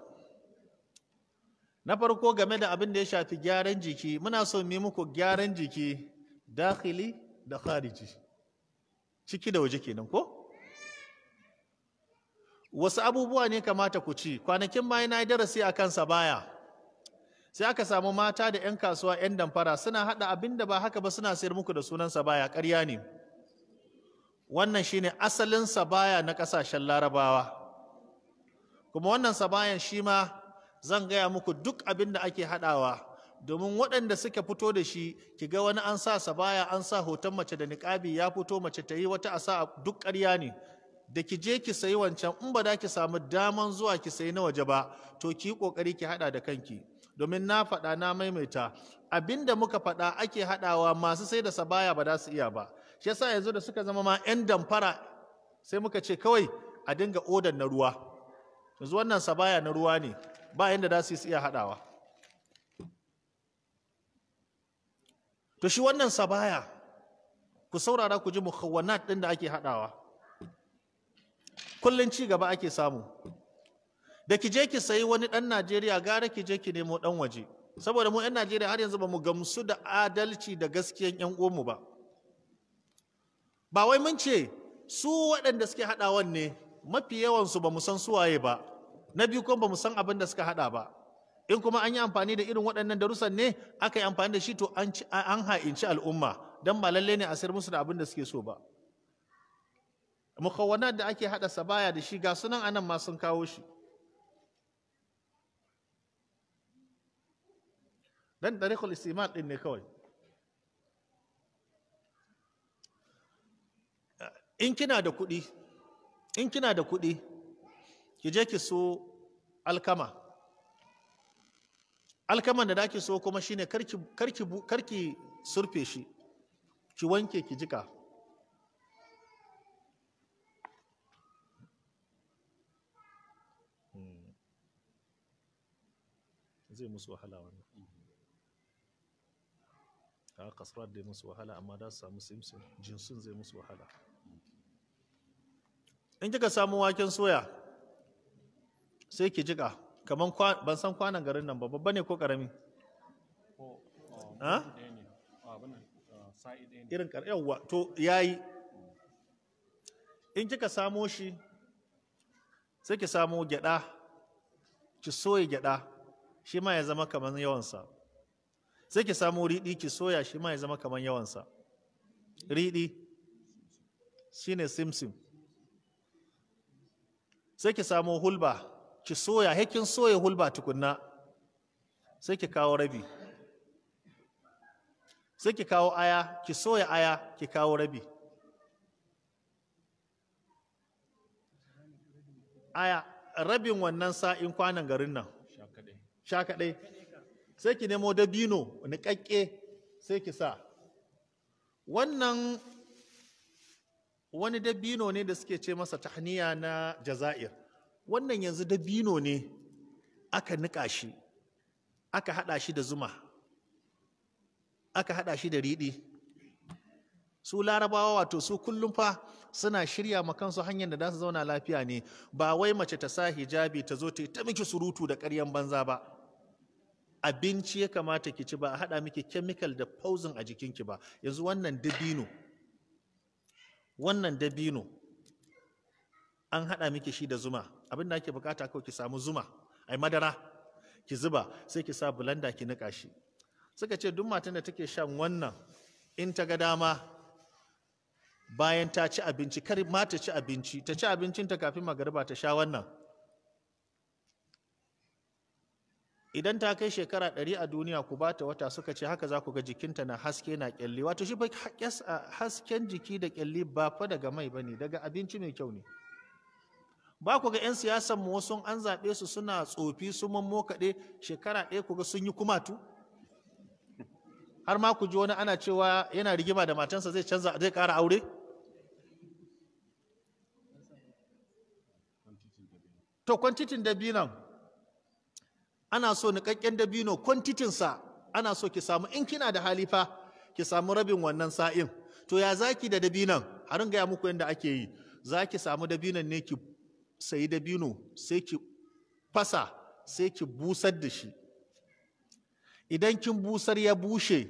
[SPEAKER 1] na farko game da abin da ya shafi gyaran jiki muna so mu muku gyaran jiki dakili da khariji ciki da waje kenan ko wasu abubuwa ne kamata ku ci kwanakin ma na yi darasi a kansa baya sai aka samu mata da 'yan kasuwa 'yan damfara suna haɗa abin da ba haka ba suna sayar muku da sunan sabaya ƙarya ne wannan shine asalin sabaya na ƙasashen larabawa kuma wannan sabayan shi ma zan gaya muku duk abin da ake haɗawa domin waɗanda suka fito da shi ki ga wani an sa sabaya an sa hoton mace da niƙabi ya fito mace ta yi wata asa duk ƙarya ne da ki je ki sayi wancan in ba da ki samu daman zuwa ki sayi na waje ba to ki kokari ki haɗa da kanki domin na faɗa na maimaita abinda muka faɗa ake haɗawa masu sai da sabaya ba za su iya ba shi yasa yanzu da suka zama ma yan damfara sai muka ce kawai a dinga odan na ruwa yanzu wannan sabaya na ruwa ne ba yanda za su iya haɗawa. to shi wannan sabaya ku saurara ku ji mukhawwanat ɗin da ake haɗawa Kullum ci gaba ake samu da ki je ki sayi wani ɗan Najeriya gara ki je ki nemo ɗan waje saboda mu 'yan Najeriya har yanzu ba mu gamsu da adalci da gaskiyan 'yan uwanmu ba ba wai mun ce su waɗanda suke haɗawan ne mafi yawansu ba mu san suwaye ba na biyu kuma ba mu san abin da suka haɗa ba in kuma an yi amfani da irin waɗannan darussan ne aka yi amfani da shi to an ha'inci al'umma don ba lalle ne a sayar musu da abin da suke so ba mukawana da ake haɗa sabaya da shi ga sunan anan ma sun kawo shi dan tarikhul istimad din ne kawai in kina da kuɗi in kina da kuɗi ki je ki so alkama alkaman da dake so kuma shine karki karki karki surfe shi ki wanke ki jika hmm. zai musu wahala wannan ka kasuwar da musu wahala amma da su samu simsim jinsun zai musu wahala in kika samu waken soya sai ki jika kaman ban san kwanan garin nan ba babba ne ko karami
[SPEAKER 2] uh, ah, uh, irin
[SPEAKER 1] yawwa to yayi in kika samo shi sai ki samo gyada ki soya gyada shi ma ya zama kaman yawansa sai ki samo riɗi ki soya shi ma ya zama kaman yawansa riɗi shine simsim sai ki samo hulba ki soya hekin soya hulba tukunna sai ki kawo rabi sai ki kawo aya ki soya aya ki kawo rabi aya rabin wannan sa'in kwanan garin nan sha kaɗai sai ki nemo dabino niƙaƙƙe sai ki sa wannan wani dabino ne da suke ce masa tahniya na jaza'ir wannan yanzu dabino ne aka niƙa shi aka haɗa shi da zuma aka haɗa shi da riɗi su larabawa wato su kullum fa suna shirya ma kansu hanyar da za su zauna lafiya ne ba wai mace ta sa hijabi ta zo ta ta miki surutu da ƙaryan banza ba abinci ya kamata ki ci ba a haɗa miki chemical da poison a jikinki ba yanzu wannan dabino wannan dabino an haɗa miki shi da zuma abin da ake bukata kawai ki samu zuma ai madara ki zuba sai ki sa blender ki nika shi suka ce duk matan da take shan wannan in ta ga dama bayan ta ci abinci kar ma ta ci abinci ta ci abincin ta kafin magariba ta sha wannan idan ta kai shekara ɗari a duniya ku bata wata suka ce haka za ku ga jikinta na haske na kyalli wato shi fa hasken jiki da kyalli ba fa daga mai bane daga abinci mai kyau ne ba ku ga 'yan siyasan mu wasu an zaɓe su suna tsofi su mammo kaɗe shekara ɗaya ku ga sun yi kumatu har ma ku ji wani ana cewa yana rigima da matansa zai canza zai ƙara aure to kwantitin dabinan, ana so ni niƙaƙƙen dabino kwantitinsa ana so ki samu in kina da halifa ki samu rabin wannan sa'in to ya zaki da dabinon harin gaya muku yadda ake yi za ki samu dabinan ne ki sayi dabino sai ki fasa sai ki busar da shi idan kin busar ya bushe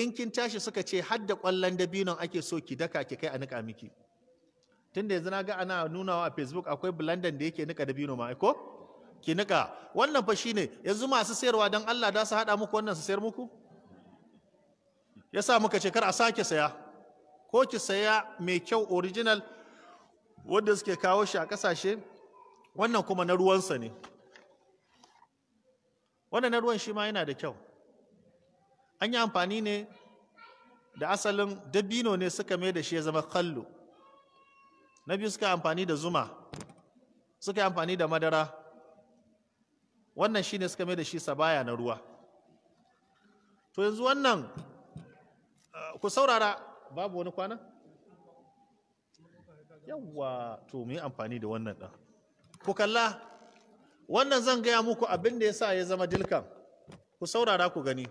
[SPEAKER 1] in kin tashi suka ce hadda kwallon dabinon ake so ki daka ki kai a nika miki tunda yanzu na ga ana nunawa a facebook akwai blandan da yake nika dabino ma ko ki nika wannan fa shine yanzu masu sayarwa dan Allah da su hada muku wannan su sayar muku yasa muka ce kar a sake saya ko ki saya mai kyau original wanda suke kawo shi a kasashe wannan kuma na ruwansa ne wannan na ruwan shi ma yana da kyau an yi amfani ne da asalin dabino ne suka mai da shi ya zama kallo na biyu suka amfani da zuma suka amfani da madara wannan shi ne suka mai da shi sabaya na ruwa to yanzu wannan ku saurara babu wani kwana? yawwa to mu yi amfani da wannan ɗan ku kalla wannan zan gaya muku abin da ya sa ya zama dilkan ku saurara ku gani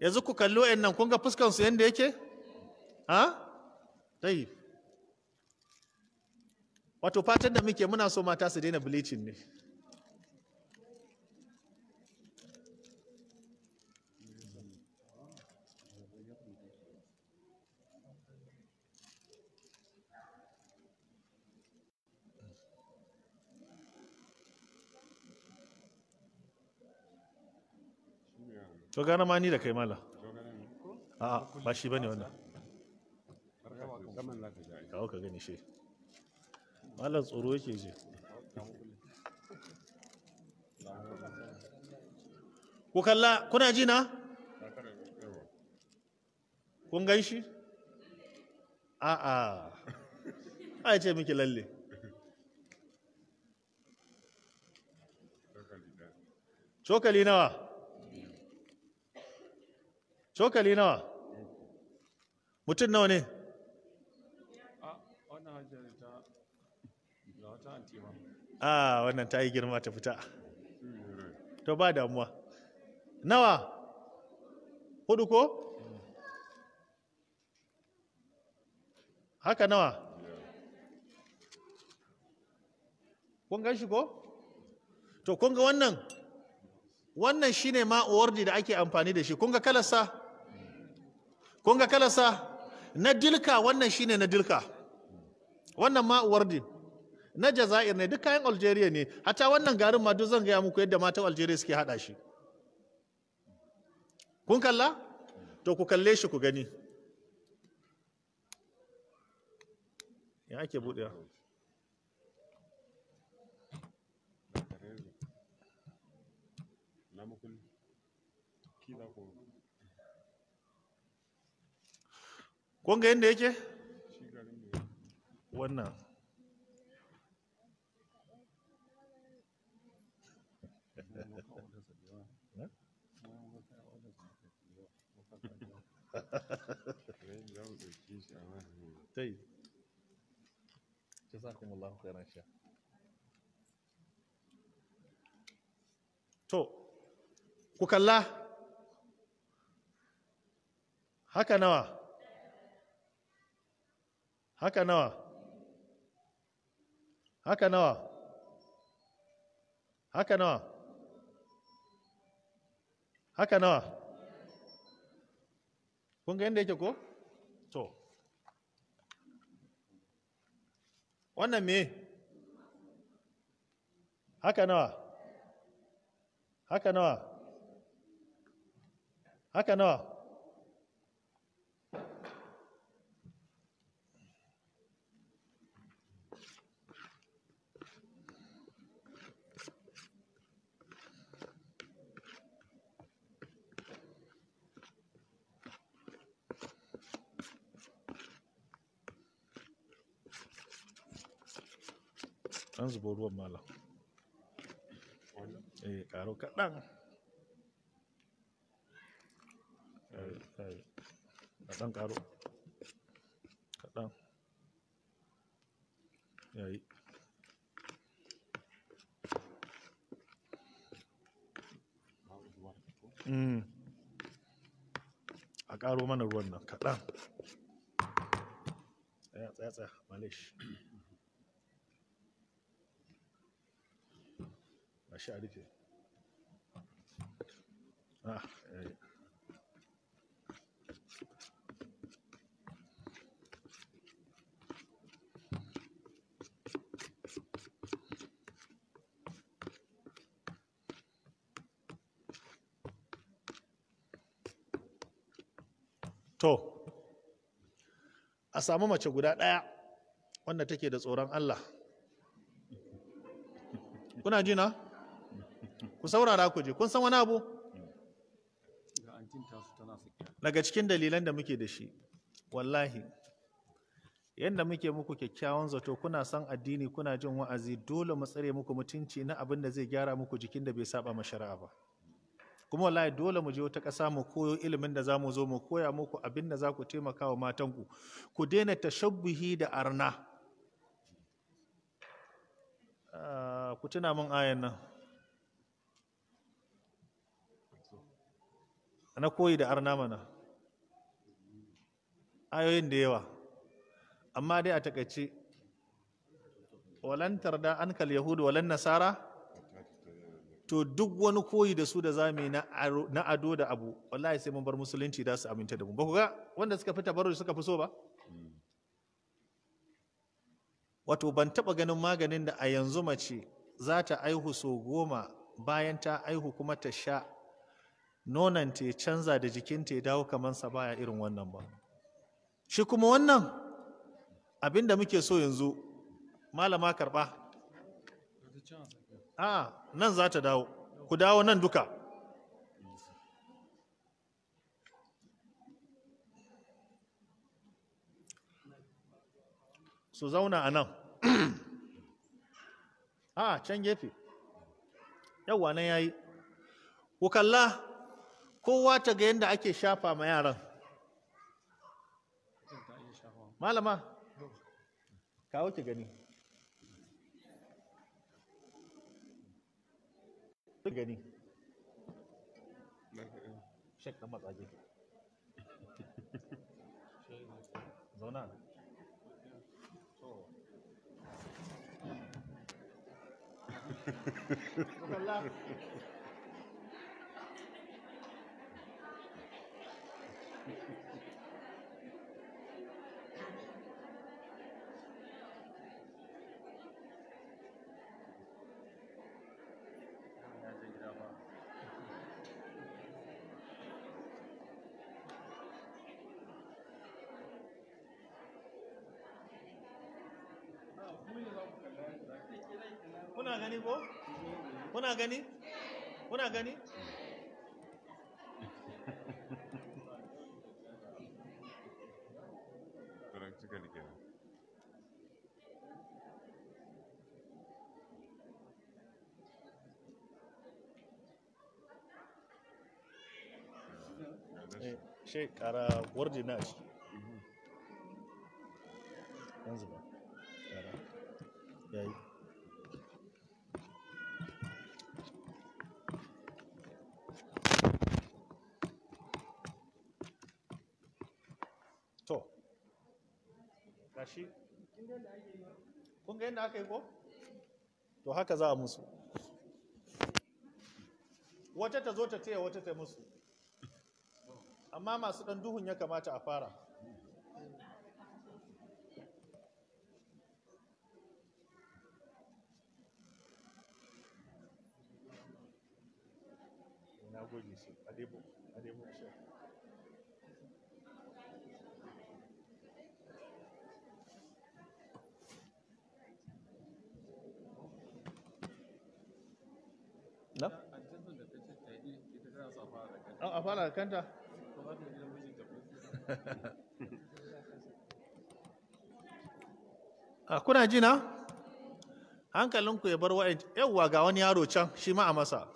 [SPEAKER 1] yanzu ku kalli nan, kun ga fuskansu yadda yake ha dai wato fatan da muke muna so mata su daina bleaching ne to gane ma ni da kai mala a ba shi bane wannan kawo ka gani shi mala tsoro yake je ku kalla kuna ji na kun gan shi a'a a ce miki lalle cokali nawa cokali nawa mutum nawa ne a wannan ta yi girma ta fita to ba damuwa nawa hudu ko haka nawa kun gan shi ko to kun ga wannan wannan shine ma da ake amfani da shi kun ga kalarsa kun ga kalasa na dilka wannan shine na dilka wannan ma wardi na jazair ne duk kayan algeria ne hata wannan garin ma duk zan gaya muku yadda mata algeria suke hada shi kun kalla to ku kalle shi ku gani ya ake budewa kun yadda yake wannan to ku kalla haka nawa haka nawa haka nawa haka nawa haka nawa kun ga yadda yake ko to wannan me haka nawa haka nawa haka nawa ɗan zubo ruwan malam. Eh, ƙaro kaɗan. Eh, eh, kaɗan karo
[SPEAKER 2] Kaɗan. Yayi.
[SPEAKER 1] Hmm. A karo mana ruwan nan kaɗan. Tsaya, tsaya, tsaya, malish. Ah, eh. to a samu mace guda ɗaya wanda take da tsoron Allah kuna ji na? ku saurara ku je kun san wani abu daga cikin dalilan da muke da shi wallahi yadda muke muku kyakkyawan zato kuna san addini kuna jin wa'azi dole mu tsare muku mutunci na abin da zai gyara muku jikin da bai saba mashara'a ba kuma wallahi dole mu je wata ƙasa mu koyo ilimin da za mu zo mu koya muku abin da za ku taimaka wa matanku ku daina tashabbuhi da arna ah, ku tuna min ayan nan na koyi da arna mana ayoyin da yawa amma dai a takaice walantar da an kal yahudu walan nasara to duk wani koyi da su da za mu yi na ado da abu wallahi sai mun bar musulunci da su aminta da mu ba ku ga wanda suka fi tabarruji suka fi so ba wato ban taɓa ganin maganin da a yanzu mace za ta aihu so goma bayan ta aihu kuma ta sha nonanta ya canza da jikinta ya dawo kamar sa baya irin wannan ba shi kuma wannan abin da muke so yanzu malama karba a nan za ta dawo ku dawo nan duka su zauna a nan a can gefe yawwa nan yayi ku kalla kowa ta ga yadda ake shafa ma yaran malama kawo ki gani gani shakka na matsaje
[SPEAKER 2] zauna Allah gani kuna gani
[SPEAKER 1] eh, shi kara wardi na shi shi kun ga yadda aka yi ko to haka za a musu wata ta zo ta taya wata ta musu amma masu ɗan duhun ya kamata a fara
[SPEAKER 2] na shi a fara da kanta
[SPEAKER 1] a ah, kuna jina hankalinku ya bar wa'in yawwa ga wani yaro can shi ma a masa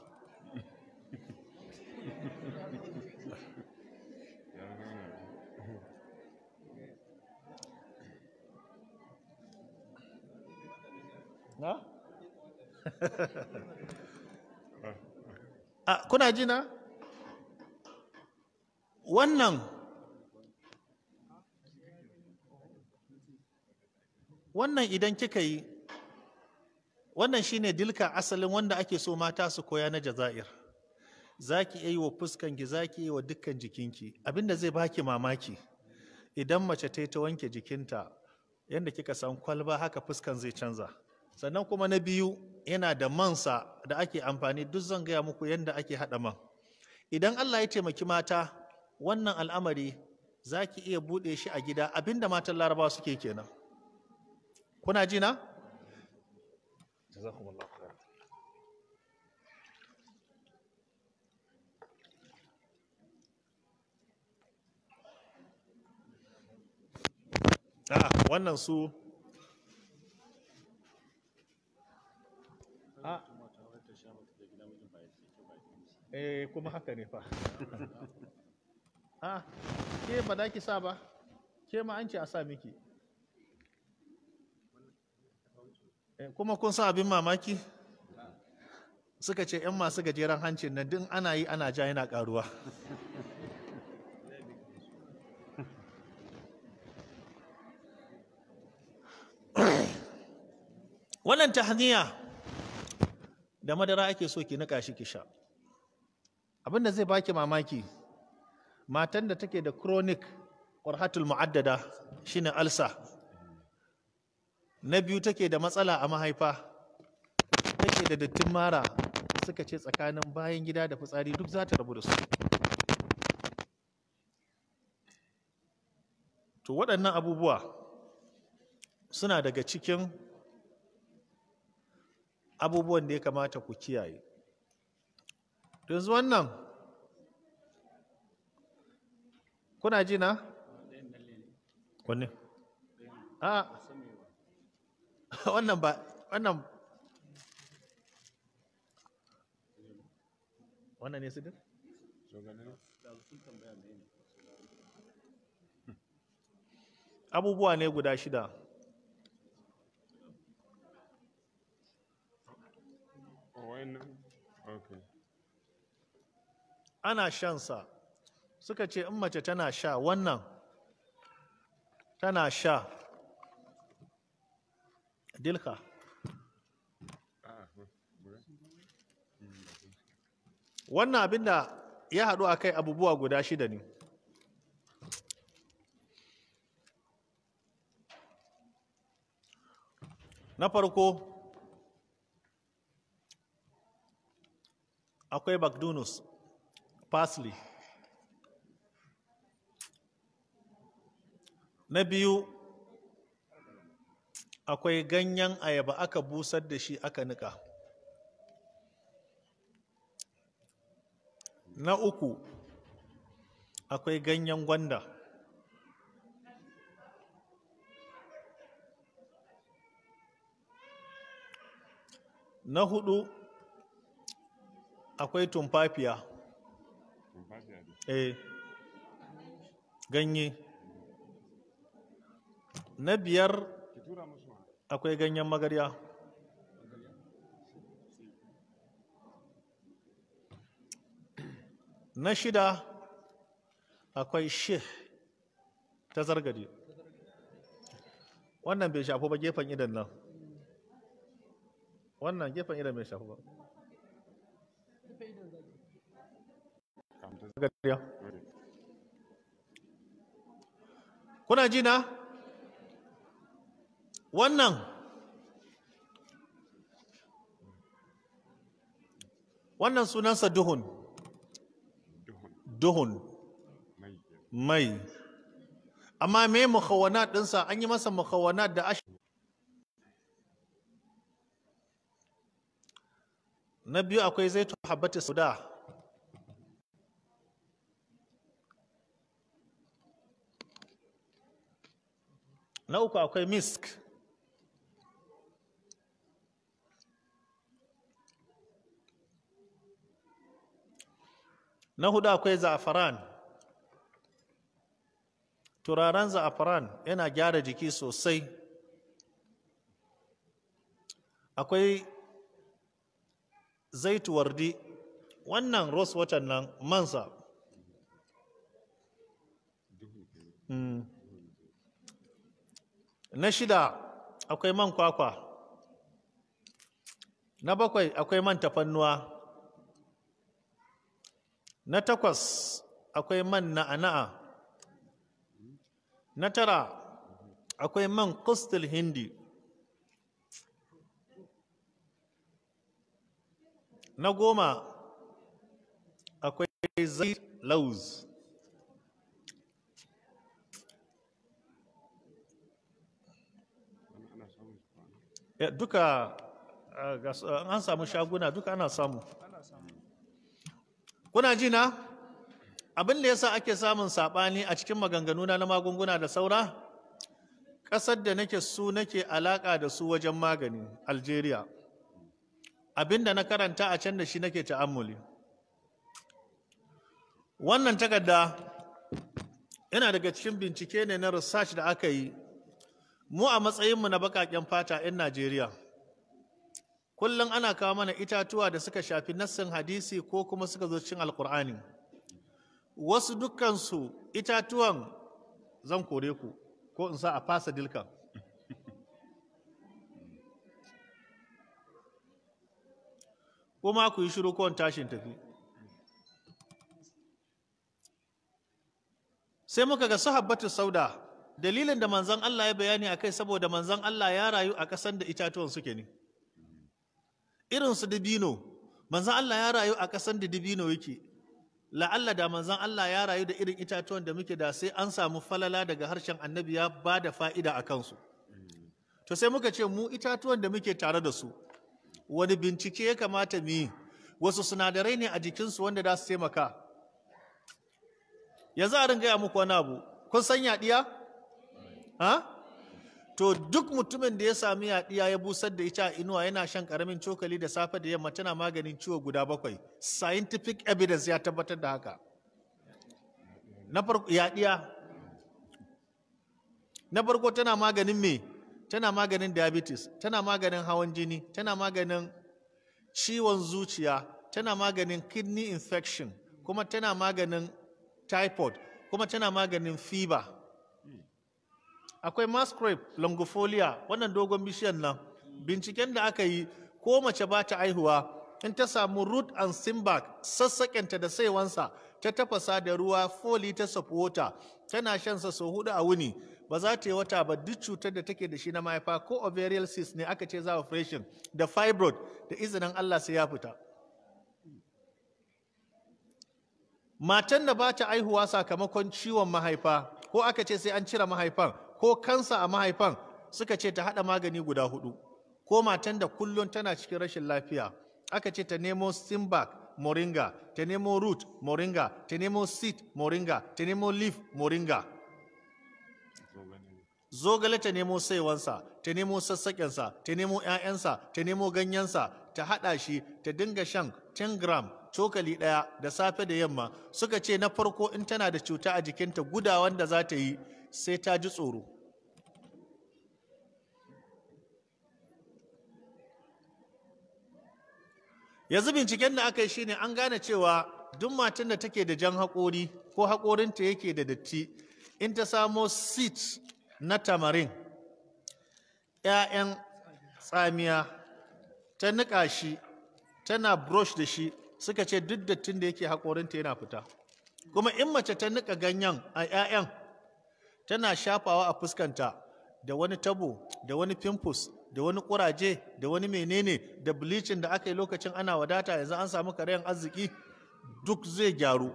[SPEAKER 1] na? Ah, kuna jina? wannan wannan idan kika yi wannan shine dilka asalin wanda ake so mata su koya na jaza'ir za ki yi wa fuskanki za ki yi wa dukkan jikinki abinda zai baki mamaki idan mace ta ta wanke jikinta yadda kika san kwalba haka fuskan zai canza sannan kuma na biyu yana da mansa da ake amfani duk zan gaya muku yadda ake haɗa man idan allah ya taimaki mata wannan al'amari za ki iya buɗe shi a gida abinda matan laraba suke kenan kuna ji na? wannan su ah. eh kuma haka ne fa a ah, ke ba da ki sa ba ke ma an ce a sa miki eh, kuma kun sa abin mamaki suka ce 'yan masu gajeren hancin nan duk ana yi ana ja yana karuwa wannan tahniya da madara ake so ki nika shi ki sha abin zai baki mamaki matan da take da chronic ƙwarhatul mu'addada shine alsa na biyu take da matsala a mahaifa take da dattin mara suka ce tsakanin bayan gida da fitsari duk za ta rabu da su to waɗannan abubuwa suna daga cikin abubuwan da ya kamata ku kiyaye yanzu wannan kuna ji na wanne a wannan ba wannan wannan ne su sidin abubuwa ne guda shida oh, ana shansa suka ce in mace tana sha wannan tana sha dilka wannan abin da ya haɗu a kai abubuwa guda shida ne na farko akwai bagdunus parsley na biyu akwai ganyen ayaba aka busar da shi aka nika na uku akwai ganyen gwanda na hudu akwai tumfafiya eh ganye na biyar akwai ganyen magarya na shida akwai shih ta zargade wannan bai shafi ba gefen idan nan wannan gefen idan bai shafi ba kuna jina? na? wannan wannan sunansa duhun duhun mai amma me makawana ɗinsa an yi masa makawana da ashe. na biyu akwai zai tuwa habbatu sauda na uku akwai misk na hudu akwai za'afaran turaren za'afaran yana gyara jiki sosai akwai zaituwardi wannan rose watan nan mansa hmm. na shida akwai man kwakwa na bakwai akwai man tafannuwa na takwas akwai man na'ana'a na tara akwai man kustil hindi na goma akwai zai lauz duka eh, an samu shaguna duka ana samu kuna ji na abin da yasa ake samun saɓani a cikin maganganuna na magunguna da saura ƙasar da nake su nake alaƙa da su wajen magani algeria abin da na karanta a can da shi nake ta'ammuli wannan takarda yana daga cikin bincike ne na research da aka yi mu a matsayinmu na baƙaƙen fata 'yan najeriya kullum ana kawo mana itatuwa da suka shafi nassin hadisi ko kuma suka zo cin alkur'ani wasu dukkansu itatuwan zan kore ku ko in sa a fasa dilkan kuma ku yi shiru kowane tashin tafi sai muka ga sahabbatu sauda dalilin da manzan Allah ya bayani a kai saboda manzan Allah ya rayu a kasan da itatuwan suke ne irin su Dibino, manzan Allah ya rayu a ƙasan da Dibino yake la'alla da manzan Allah ya rayu da irin itatuwan da muke da sai an samu falala daga harshen annabi ya ba da fa'ida a kansu to sai muka ce mu itatuwan da muke tare da su wani bincike ya kamata mu yi wasu sinadarai ne a jikinsu wanda za su taimaka yanzu a ringa ya muku wani abu kun san yaɗiya? to duk mutumin da ya sami yaɗiya ya busar da ita a inuwa yana shan karamin cokali da safe da yamma tana maganin ciwo guda bakwai scientific evidence ya tabbatar da haka na farko yaɗiya na farko tana maganin me tana maganin diabetes tana maganin hawan jini tana maganin ciwon zuciya tana maganin kidney infection kuma tana maganin typhoid kuma tana maganin fever akwai masquerade longifolia wannan dogon bishiyan nan binciken da aka yi ko mace ba ta aihuwa in ta samu root and stem bark sassakenta da saiwansa ta tafasa da ruwa 4 ta of water tana sa sau hudu a wuni ba za ta yi wata ba duk cutar da take da shi na mahaifa ko ovarian cyst ne aka ce za a operation da fibroid da izinin Allah sai ya fita matan da ba ta aihuwa sakamakon ciwon mahaifa ko aka ce sai an cire mahaifan ko kansa a mahaifan suka ce ta haɗa magani guda hudu ko matan da kullum tana cikin rashin lafiya aka ce ta nemo simbak moringa ta nemo root moringa ta nemo seed moringa ta nemo leaf moringa zogale ta nemo saiwansa ta nemo sassaƙensa ta nemo 'ya'yansa ta nemo ganyensa ta haɗa shi ta dinga shan 10 gram cokali ɗaya da safe da yamma suka ce na farko in tana da cuta a jikinta gudawan da za ta yi sai ta ji tsoro yanzu binciken da aka yi shine an gane cewa duk matan da take da jan haƙori ko haƙorinta yake da datti in ta samo seat na tamarin 'ya'yan tsamiya ta niƙa shi tana brush da shi suka ce duk dattin da yake haƙorinta yana fita kuma in mace ta nika ganyen a 'ya'yan tana shafawa a fuskanta da wani tabo da wani pimpus, da wani kuraje da wani menene da bleaching da aka yi lokacin ana wadata yanzu an samu karayan arziki duk zai gyaru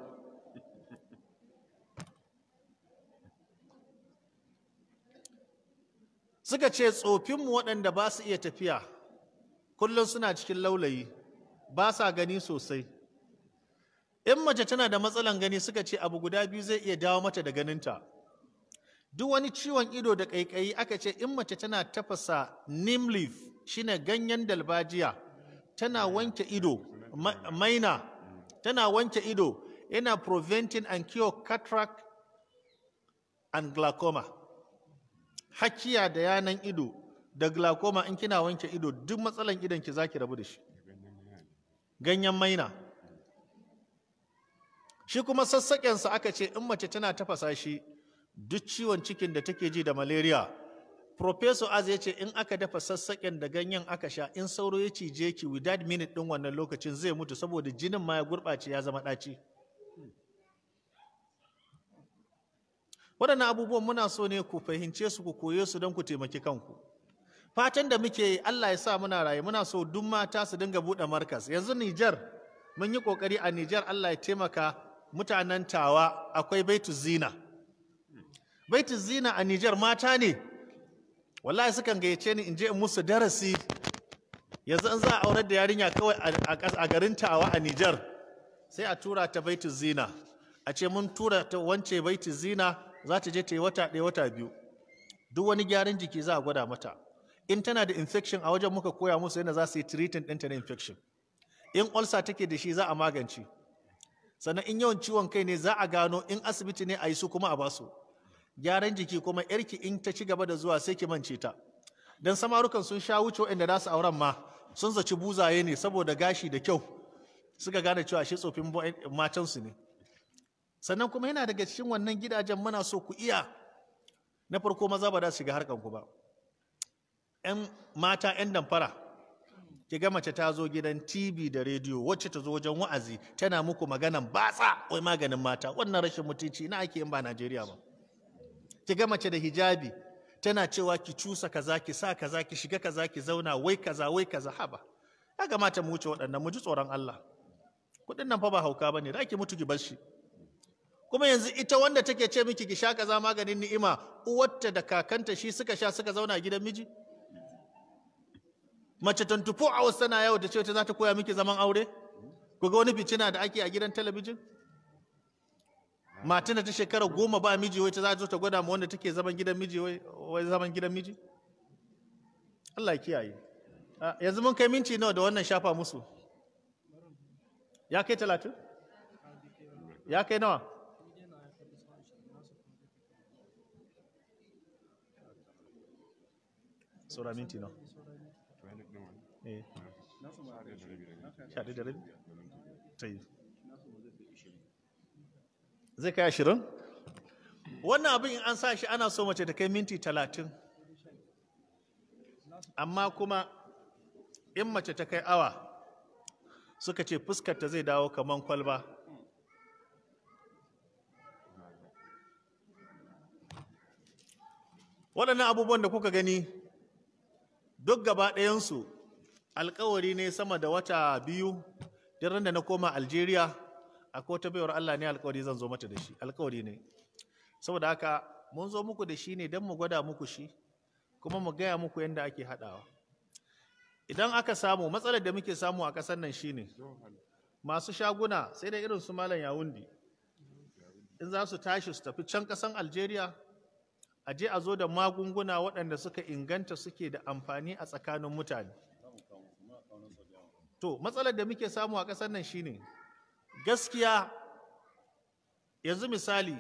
[SPEAKER 1] suka ce tsofinmu waɗanda ba su iya tafiya kullum suna cikin laulayi ba sa gani sosai in mace tana da matsalan gani suka ce abu guda biyu zai iya dawo mata da ganinta duk wani ciwon ido da ƙaiƙayi aka ce in mace tana tafasa neem leaf shine ganyen dalbajiya tana wanke ido maina tana wanke ido yana preventing and cure cataract and glaucoma hakiya da yanan ido da glaucoma in kina wanke ido duk matsalan idon ki zaki rabu da shi ganyen maina shi kuma sassaƙensa aka ce in mace tana tafasa shi duk ciwon cikin da take ji da malaria Professor Az ya ce in aka dafa sassaken da ganyen aka sha in sauro ya cije ki without minute ɗin wannan lokacin zai mutu saboda jinin ma ya gurɓace ya zama ɗaci. Waɗannan abubuwan muna so ne ku fahimce su ku koye su don ku taimaki kanku. Fatan da muke yi Allah ya sa muna raye muna so duk mata su dinga buɗe markas. Yanzu Nijar mun yi ƙoƙari a Nijar Allah ya taimaka mutanen tawa akwai baitu zina. baitin zina a Nijar mata ne wallahi sukan gayyace ni in je in musu darasi yanzu an za a aurar da yarinya kawai a garin tawa a Nijar sai a tura ta baitin zina a ce mun tura ta wance baitin zina za ta je ta yi wata ɗaya wata biyu duk wani gyaran jiki za a gwada mata in tana da infection a wajen muka koya musu yana za su yi treating ɗinta na infection in ulcer take da shi za a magance sannan in yawan ciwon kai ne za a gano in asibiti ne a yi su kuma a basu gyaran jiki kuma yarki in ta ci gaba da zuwa sai ki mance ta dan samarukan sun sha wuce waɗanda za su auren ma sun zaci buzaye ne saboda gashi da kyau suka gane cewa shi tsofin eh, matansu ne sannan kuma yana daga cikin wannan gidajen muna so ku iya na farko maza ba za su shiga harkan ku ba yan mata yan damfara ki ga mace ta zo gidan TV da rediyo wacce ta zo wajen wa'azi tana muku maganan batsa wai maganin mata wannan rashin mutunci na ake yin ba Najeriya ba ki ga mace da hijabi tana cewa ki cusa kaza ki sa kaza ki shiga kaza ki zauna wai kaza wai kaza haba ya kamata mu wuce waɗannan mu ji tsoron Allah kuɗin nan fa ba hauka bane da ake mutu ki bar shi kuma yanzu ita wanda take ce miki ki sha kaza maganin ni'ima uwarta da kakanta shi suka sha suka zauna gidan miji mace 24 hours tana yawo ta ce ta za ta koya miki zaman aure ku ga wani ficina da ake a gidan talabijin matin da ta shekara goma ba miji wai ta za ta gwada ma wanda take zaman gidan miji wai zaman gidan miji Allah kiyaye yanzu mun kai minti nawa da wannan shafa musu ya kai talatin ya kai nawa saura minti nawa
[SPEAKER 2] eh da rabi
[SPEAKER 1] zai kai ashirin wannan abin in an sa shi ana so mace ta kai minti talatin amma kuma in mace ta kai awa suka ce ta zai dawo kamar kwalba waɗannan abubuwan da kuka gani duk gaba ɗayansu alkawari ne sama da wata biyu duk da na koma algeria akwai wata baiwar Allah ne alkawari zan zo mata da shi alkawari ne saboda haka mun zo muku da shi ne don mu gwada muku shi kuma mu gaya muku yadda ake haɗawa idan aka samu matsalar da muke samu a ƙasar nan shi ne. masu shaguna sai da irin su malam yawundi in za su tashi su tafi can ƙasan algeria a je a zo da magunguna waɗanda suka inganta suke da amfani a tsakanin mutane to matsalar da muke samu a ƙasar nan shi ne. gaskiya yanzu misali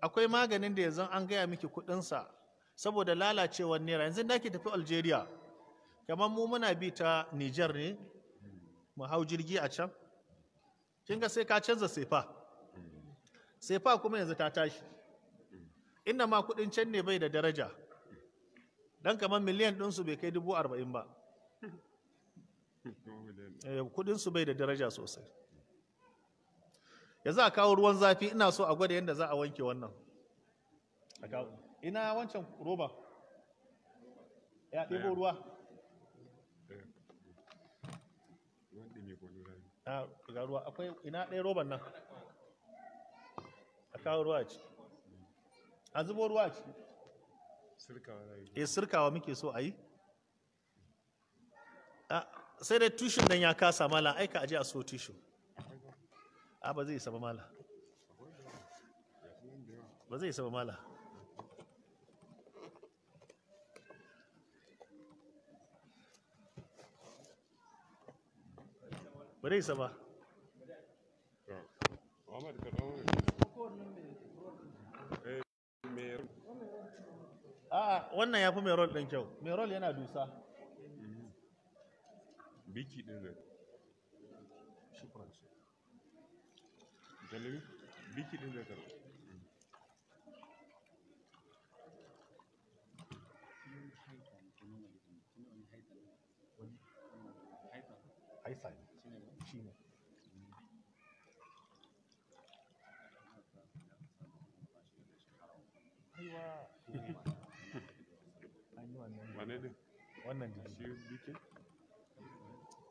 [SPEAKER 1] akwai maganin da yanzu an gaya miki kudinsa saboda lalacewar naira yanzu da ke tafi algeria kamar mu muna bi ta niger ne mu hau jirgi a can kin ga sai ka canza sefa sefa kuma yanzu ta tashi inda ma kudin can ne bai da daraja dan kamar miliyan ɗinsu bai kai dubu arba'in ba eh, kudinsu bai da daraja sosai ya za a kawo ruwan zafi ina so a gwada yadda za a wanke wannan ina wancan roba ya ɗebo ruwa ah, ga ruwa akwai ina ɗaya roban nan a kawo ruwa ci a zubo ruwa ci e sirkawa muke so a yi ah, sai dai tushin nan ya kasa mala aika aje a so tushin a ba zai saba mala ba zai saba mala ba zai saba a'a wannan ya fi mai rol ɗin kyau mai rol yana dusa
[SPEAKER 2] biki ɗin kalli biki wane wannan shi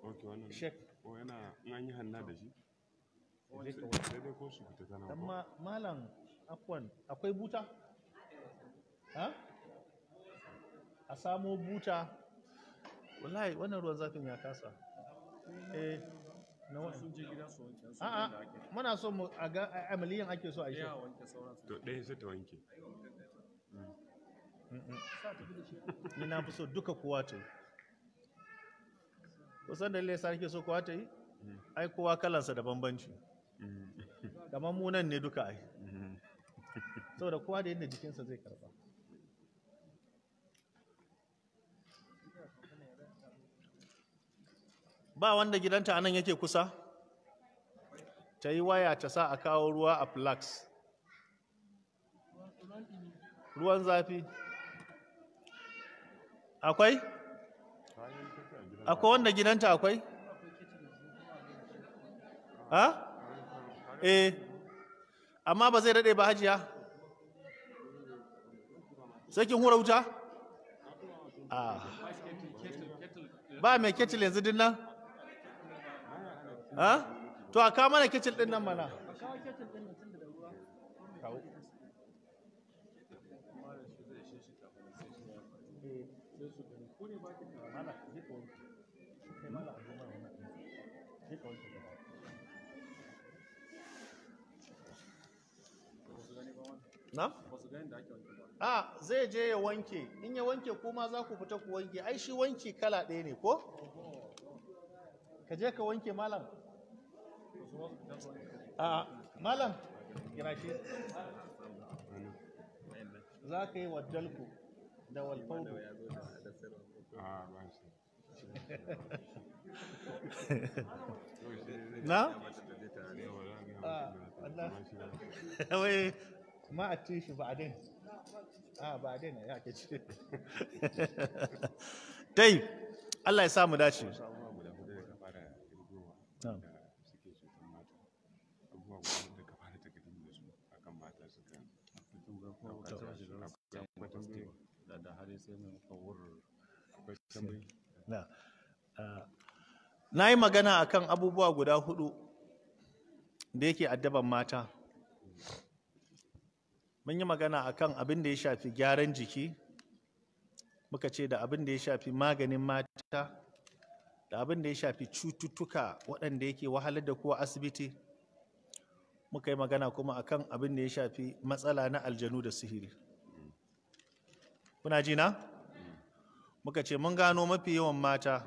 [SPEAKER 2] ok wannan shek yana an yi hanna da shi
[SPEAKER 1] amma malam afwan akwai buta a samo buta wallahi wannan ruwan zafin ya kasa eh na wasu je gida su wanke su muna so mu a ga amaliyan ake so a yi
[SPEAKER 2] to ɗaya sai ta wanke mm.
[SPEAKER 1] ni na fi so duka kowa ta yi kusan da lalai sa ake so kowa ta yi mm. ai kowa kalansa da bambanci kamar mu nan ne duka ai mm-hmm. saboda kowa da yadda jikinsa zai karba ba wanda gidanta anan yake kusa ta yi waya ta sa a kawo ruwa a flax ruwan zafi akwai? akwai wanda gidanta akwai? ha? eh amma ba zai daɗe ba hajiya sai kin hura wuta ah. ba mai ketil yanzu din nan ah? to a kawo mana ketil din nan mana Thank you. na? a zai je ya wanke in ya wanke kuma za ku fita ku wanke ai shi wanke kala ɗaya ne ko? ka je ka wanke malam a malam gina za ka yi
[SPEAKER 2] waddalku da walfauku ah, na? Ah,
[SPEAKER 1] ma a ci shi ba din a ba din ya ke ci
[SPEAKER 2] dai Allah ya samu dace
[SPEAKER 1] na yi magana akan abubuwa guda hudu da yake addaban mata mun yi magana akan abin da ya shafi gyaran jiki muka ce da abin da ya shafi maganin mata da abin da ya shafi cututtuka waɗanda yake wahalar da kuwa asibiti muka yi magana kuma akan abin da ya shafi matsala na aljanu da sihiri kuna jina? muka ce mun gano mafi yawan mata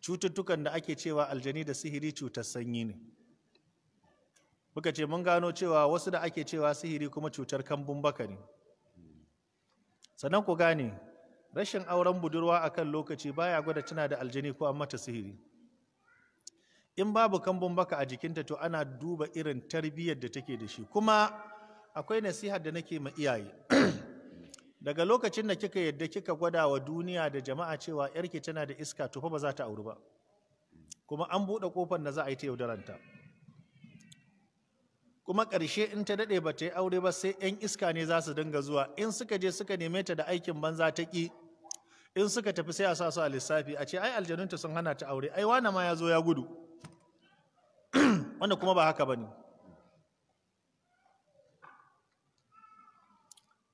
[SPEAKER 1] cututtukan da ake cewa aljani da sihiri cutar sanyi ne muka ce mun gano cewa wasu da ake cewa sihiri kuma cutar kambun baka ne sannan ku gane rashin auren budurwa a kan lokaci baya gwada tana da aljini ko an mata sihiri in babu kambun baka a jikinta to ana duba irin tarbiyyar da take da shi kuma akwai nasihar da nake ma iyaye daga lokacin da kika yadda kika gwada wa duniya da jama'a cewa yarki tana da iska to fa ba za ta auri ba kuma an buɗe kofar da za a yi ta yaudaranta kuma ƙarshe in ta daɗe ba ta yi aure ba sai 'yan iska ne za su dinga zuwa in suka je suka neme ta da aikin banza ta ƙi in suka tafi sai a sa su a lissafi a ce ai aljanunta sun hana ta aure ai wane ma ya zo ya gudu wanda kuma ba haka ba ne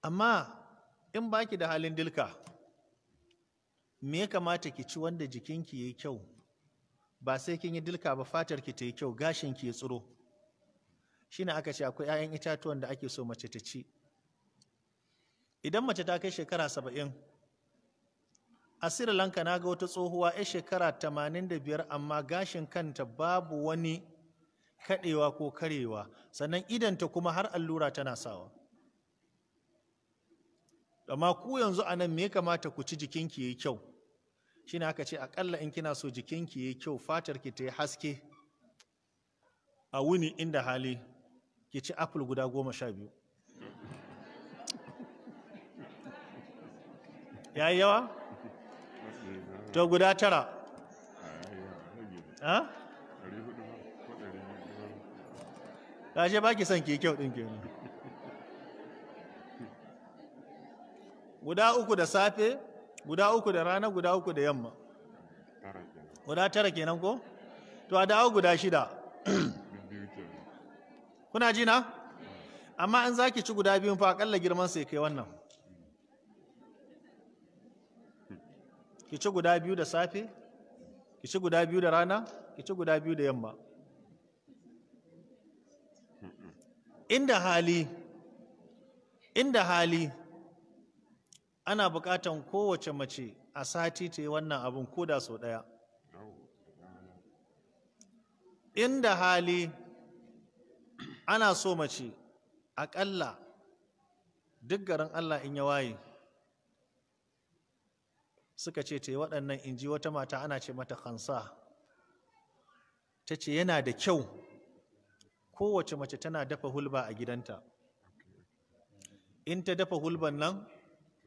[SPEAKER 1] amma in baki da halin dilka me ya kamata ki ci wanda jikinki ya yi kyau ba sai kin yi dilka ba fatarki ta yi kyau gashinki ya tsiro shine aka ce akwai 'ya'yan itatuwan da ake so mace ta ci idan mace ta kai shekara saba'in a sri lanka na ga wata tsohuwa 'yar shekara tamanin da biyar amma gashin kanta babu wani kaɗewa ko karewa sannan idanta kuma har allura tana sawa amma ku yanzu a nan me kamata ku ci jikinki yi kyau shine aka ce akalla in kina so jikinki yayi kyau fatarki ta yi haske a wuni inda hali ki ci apple guda goma sha biyu ya yi yawa? to guda tara ta ce ba ki son ke kyau ɗin kenan guda uku da safe guda uku da rana guda uku da yamma guda tara kenan ko? to a dawo guda shida kuna ji na amma in za ki ci guda biyun fa akalla girman sai kai wannan ki ci guda biyu da safe ki ci guda biyu da rana ki ci guda biyu da yamma inda hali inda hali ana bukatan kowace mace a sati ta yi wannan abin koda sau daya inda hali ana so mace aƙalla duk garin Allah in ya waye suka ce ta yi waɗannan in ji wata mata ana ce mata kansa ta ce yana da kyau kowace mace tana dafa hulba a gidanta in ta dafa hulban nan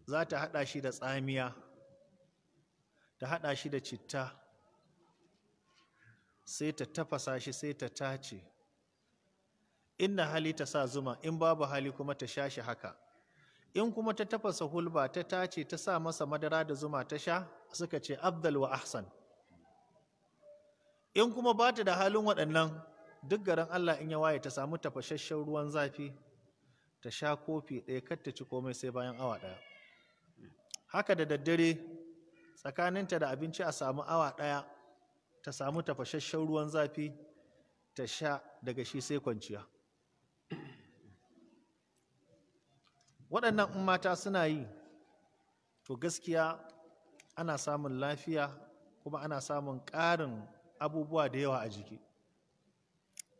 [SPEAKER 1] za ta haɗa shi da tsamiya ta haɗa shi da citta sai ta tafasa shi sai ta tace inna hali ta sa zuma in babu hali kuma ta sha shi haka in kuma ta tafasa hulba ta tace ta sa masa madara da zuma ta sha suka ce abdal wa ahsan in kuma ba ta da halin waɗannan duk garin Allah in ya waye ta samu tafashashen ruwan zafi ta sha kofi ɗaya kar ta ci komai sai bayan awa ɗaya haka da daddare tsakaninta da abinci a samu awa ɗaya ta samu tafashashen ruwan zafi ta sha daga shi sai kwanciya waɗannan in mata suna yi to gaskiya ana samun lafiya kuma ana samun ƙarin abubuwa da yawa a jiki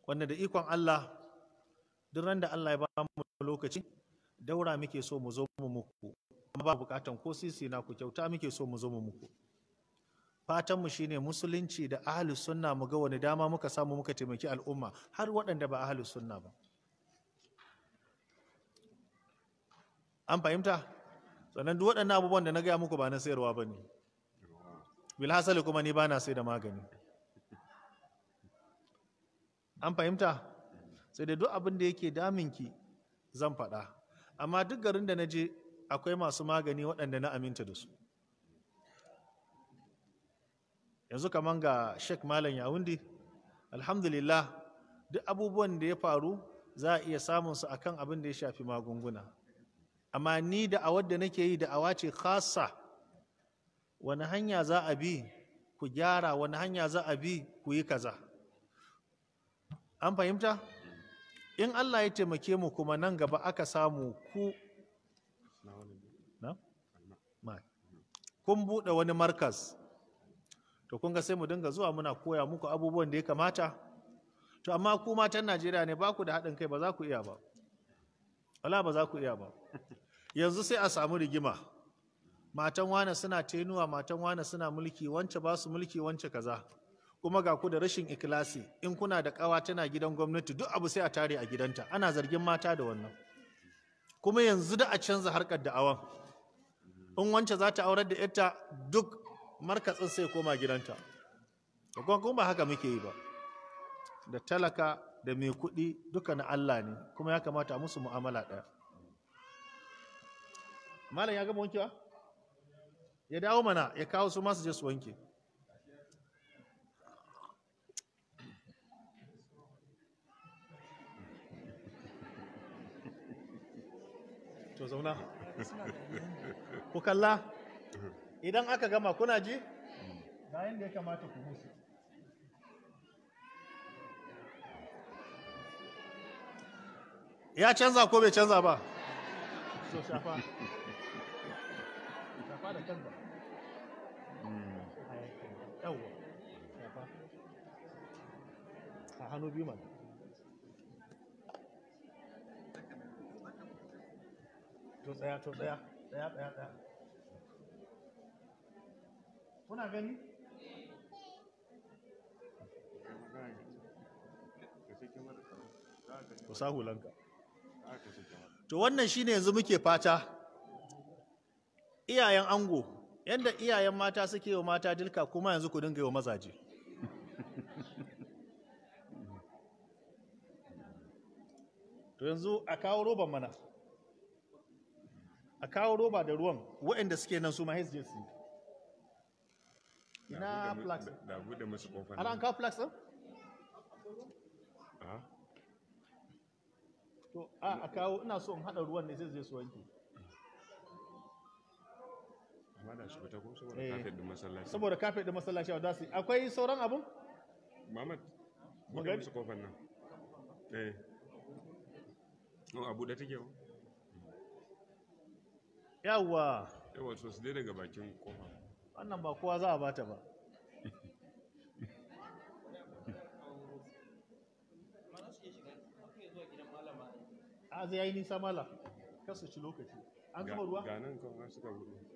[SPEAKER 1] wanda da ikon Allah duk ran da Allah ya ba mu lokaci daura muke so mu zo mu muku amma ba bukatan ko sisi na ku kyauta muke so mu zo mu muku fatan mu shine musulunci da ahlus sunna mu ga wani dama muka samu muka taimaki al'umma har waɗanda ba ahlus sunna ba an fahimta sannan duk waɗannan abubuwan da na gaya muku ba na sayarwa ba ne bilhassali kuma ni ba na sai da magani an fahimta sai da duk abin da yake daminki zan faɗa amma duk garin da na je akwai masu magani waɗanda na aminta da su yanzu kamar ga shek malam yawundi alhamdulillah duk abubuwan da ya faru za a iya samunsu akan abin da ya shafi magunguna amma ni da a wadda nake yi da awa ce khasa wani hanya za a bi ku gyara wani hanya za a bi ku yi kaza an fahimta in Allah ya taimake mu kuma nan gaba aka samu ku kun buɗe wani markas to kun ga sai mu dinga zuwa muna koya muku abubuwan da ya kamata to amma ku matan Najeriya ne ba ku da haɗin kai ba za ku iya ba wala ba za ku iya ba yanzu sai a samu rigima matan wane suna tenuwa matan wane suna mulki wance ba su mulki wance kaza kuma ga ku da rashin ikilasi in kuna da kawa tana gidan gwamnati duk abu sai a tare a gidanta ana zargin mata da wannan kuma yanzu da a canza harkar da awan in wance za ta aurar da yarta duk markatsin sai koma gidanta kuma ba haka muke yi ba da talaka da mai kuɗi duka na Allah ne kuma ya kamata a musu mu'amala ɗaya malam ya gama wankewa ya dawo mana ya kawo su masu je su wanke to zauna ku kalla idan aka gama kuna ji bayan da ya kamata ku musu ya canza ko bai canza ba so shafa to to wannan shine yanzu muke fata iyayen ango yadda iyayen mata suke wa mata dilka kuma yanzu ku dinga yi wa mazaje to yanzu a kawo roba mana a kawo roba da ruwan waɗanda suke nan su ma hsj su ina flax
[SPEAKER 2] ana an kawo flax ah.
[SPEAKER 1] to a kawo ina so in haɗa ruwan da zai zai su wanke
[SPEAKER 2] ba shi fita ko saboda eh. kafet da masallaci saboda
[SPEAKER 1] kafet din masallaci za su akwai sauran abun
[SPEAKER 2] mamad buɗe musu kofar nan eh no oh, a buɗe take
[SPEAKER 1] yawa yawa so su dai daga bakin kofa wannan ba kowa za a bata ba a zai yi nisa mala kasu ci lokaci an zuba ruwa ganin
[SPEAKER 2] kan suka buɗe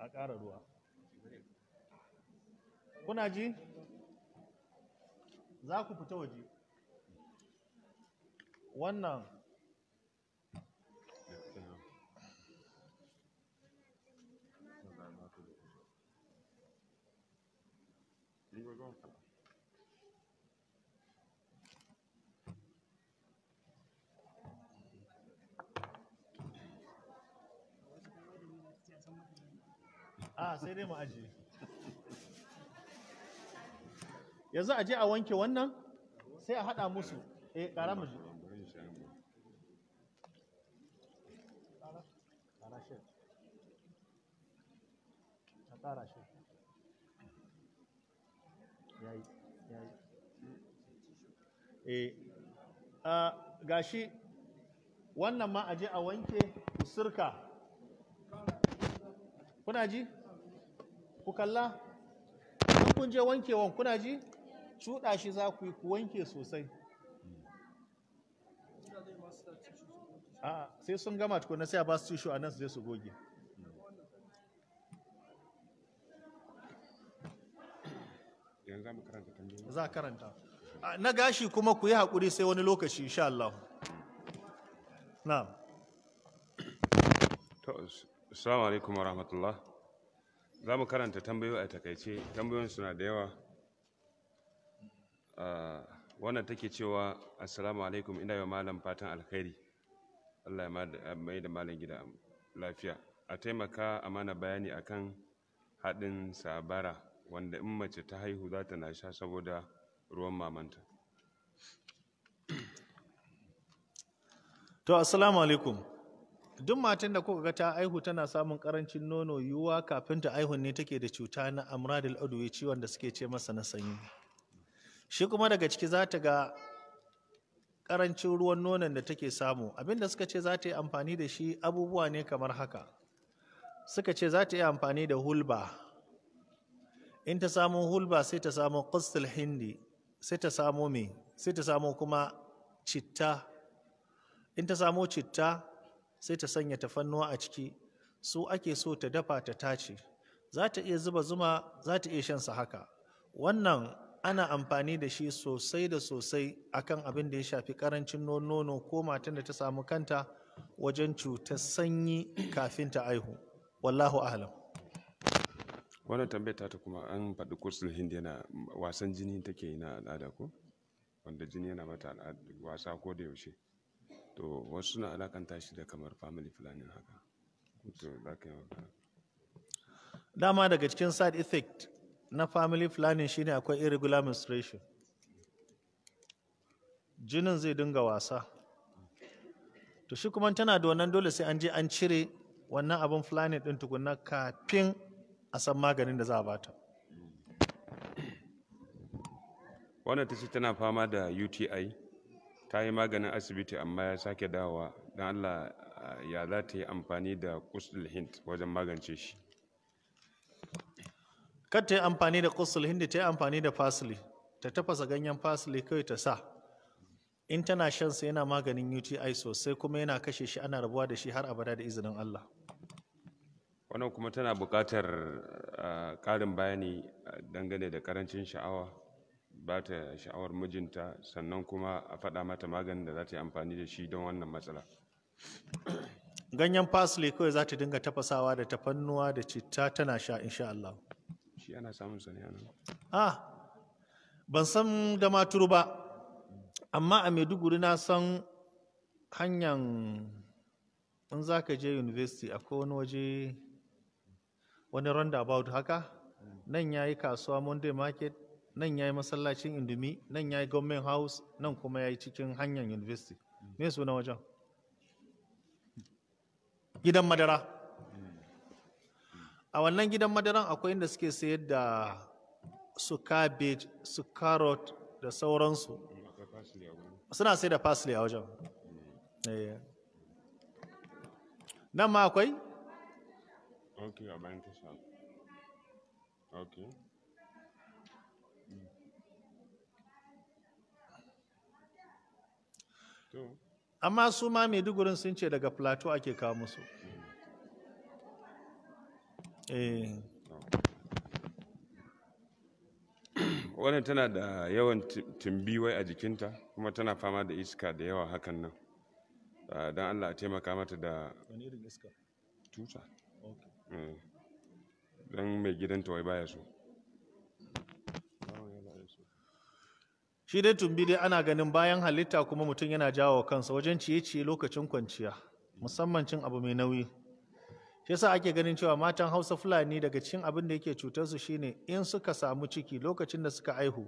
[SPEAKER 1] a ƙara ruwa kuna ji za ku fita waje wannan Thank you. a sai dai mu ajiye yanzu aje a wanke wannan sai a haɗa musu eh ƙara mu shi eh, a gashi wannan ma aje a wanke sirka kuna ji ku kalla in kun je wankewan kuna ji cuɗa shi za ku yi ku wanke sosai sai sun gama na sai a ba su tushu a nan su je su goge za karanta na gashi kuma ku yi haƙuri sai wani lokaci insha Allah na
[SPEAKER 2] to assalamu alaikum wa rahmatullah za mu karanta tambayoyi a takaice tambayoyin suna da yawa ah, wannan take cewa assalamu alaikum ina yi wa malam fatan alkhairi allah ya mai da malam gida lafiya a taimaka amana bayani akan haɗin sabara wanda in mace ta haihu za ta na sha saboda ruwan mamanta to assalamu alaikum
[SPEAKER 1] duk matan da kuka ga ta aihu tana samun karancin nono yiwuwa kafin ta aihu ne take da cuta na amradil adwi ciwon da suke ce masa na sanyi shi kuma daga ciki za ta ga karancin ruwan nonon da take samu abinda suka ce za ta yi amfani da shi abubuwa ne kamar haka suka ce za ta yi amfani da hulba in ta samu hulba sai ta samu qistul hindi sai ta samu me sai ta samu kuma citta in ta samu citta sai ta sanya tafannuwa a ciki su ake so ta dafa ta tace za ta iya zuba zuma za ta iya shansa haka wannan ana amfani da shi sosai da sosai akan abin da ya shafi karancin nono ko matan da ta samu kanta wajen cutar sanyi kafin ta aihu wallahu ahlam
[SPEAKER 2] wannan tambayar ta kuma an faɗi kursul hindi yana wasan jini take yi na al'ada ko wanda jini yana mata wasa ko da yaushe to wasu suna alakanta shi da kamar family planning haka to za ka yi magana
[SPEAKER 1] dama daga cikin side effect na family planning shine akwai irregular menstruation jinin zai dinga wasa to shi kuma tana da wannan dole sai an je an cire wannan abin planning din tukunna kafin a san maganin da za a bata
[SPEAKER 2] wannan ta ce tana fama da UTI ta yi maganin asibiti amma ya sake dawowa don allah ya za ta yi amfani da kusul hint wajen magance shi kar ta yi amfani da kusul hint ta yi amfani da fasili
[SPEAKER 1] ta tafasa ganyen fasili kawai ta sa in tana shan sa yana maganin UTI sosai kuma yana kashe shi ana rabuwa da shi har abada da izinin Allah
[SPEAKER 2] wannan kuma tana buƙatar ah, ƙarin bayani ah, dangane da karancin sha'awa ba ta sha'awar mijinta sannan kuma a faɗa mata maganin da za ta yi amfani da shi don wannan matsala
[SPEAKER 1] ganyen parsley kawai za ta dinga tafasawa da tafannuwa da citta tana sha insha Allah
[SPEAKER 2] shi ana samun sani anan
[SPEAKER 1] ah ban san da maturu ba amma a Maiduguri na san hanyar in za ka je university akwai wani waje wani roundabout haka nan ya yi kasuwa monday market nan ya yi masallacin indumi nan ya yi government house nan kuma ya yi cikin hanyar university me suna wajen gidan madara a wannan gidan madaran akwai inda suke sayar da su cabbage su carrot da sauransu suna sayar da parsley a wajen eh. nan ma akwai?
[SPEAKER 2] ok a bayan tasha ok
[SPEAKER 1] amma su ma maidugurin sun ce daga plateau ake kawo musu
[SPEAKER 2] eh. wannan tana da yawan wai a jikinta kuma tana fama da iska da yawa hakan nan ah, don allah a taimaka mata da tusa mm. don mai gidanta wai baya so
[SPEAKER 1] shi dai tumbi dai ana ganin bayan halitta kuma mutum yana jawo kansa wajen ciye-ciye lokacin kwanciya musamman cin abu mai nauyi shi yasa ake ganin cewa matan hausa fulani daga cikin abin da yake cutar su shine in suka samu ciki lokacin da suka aihu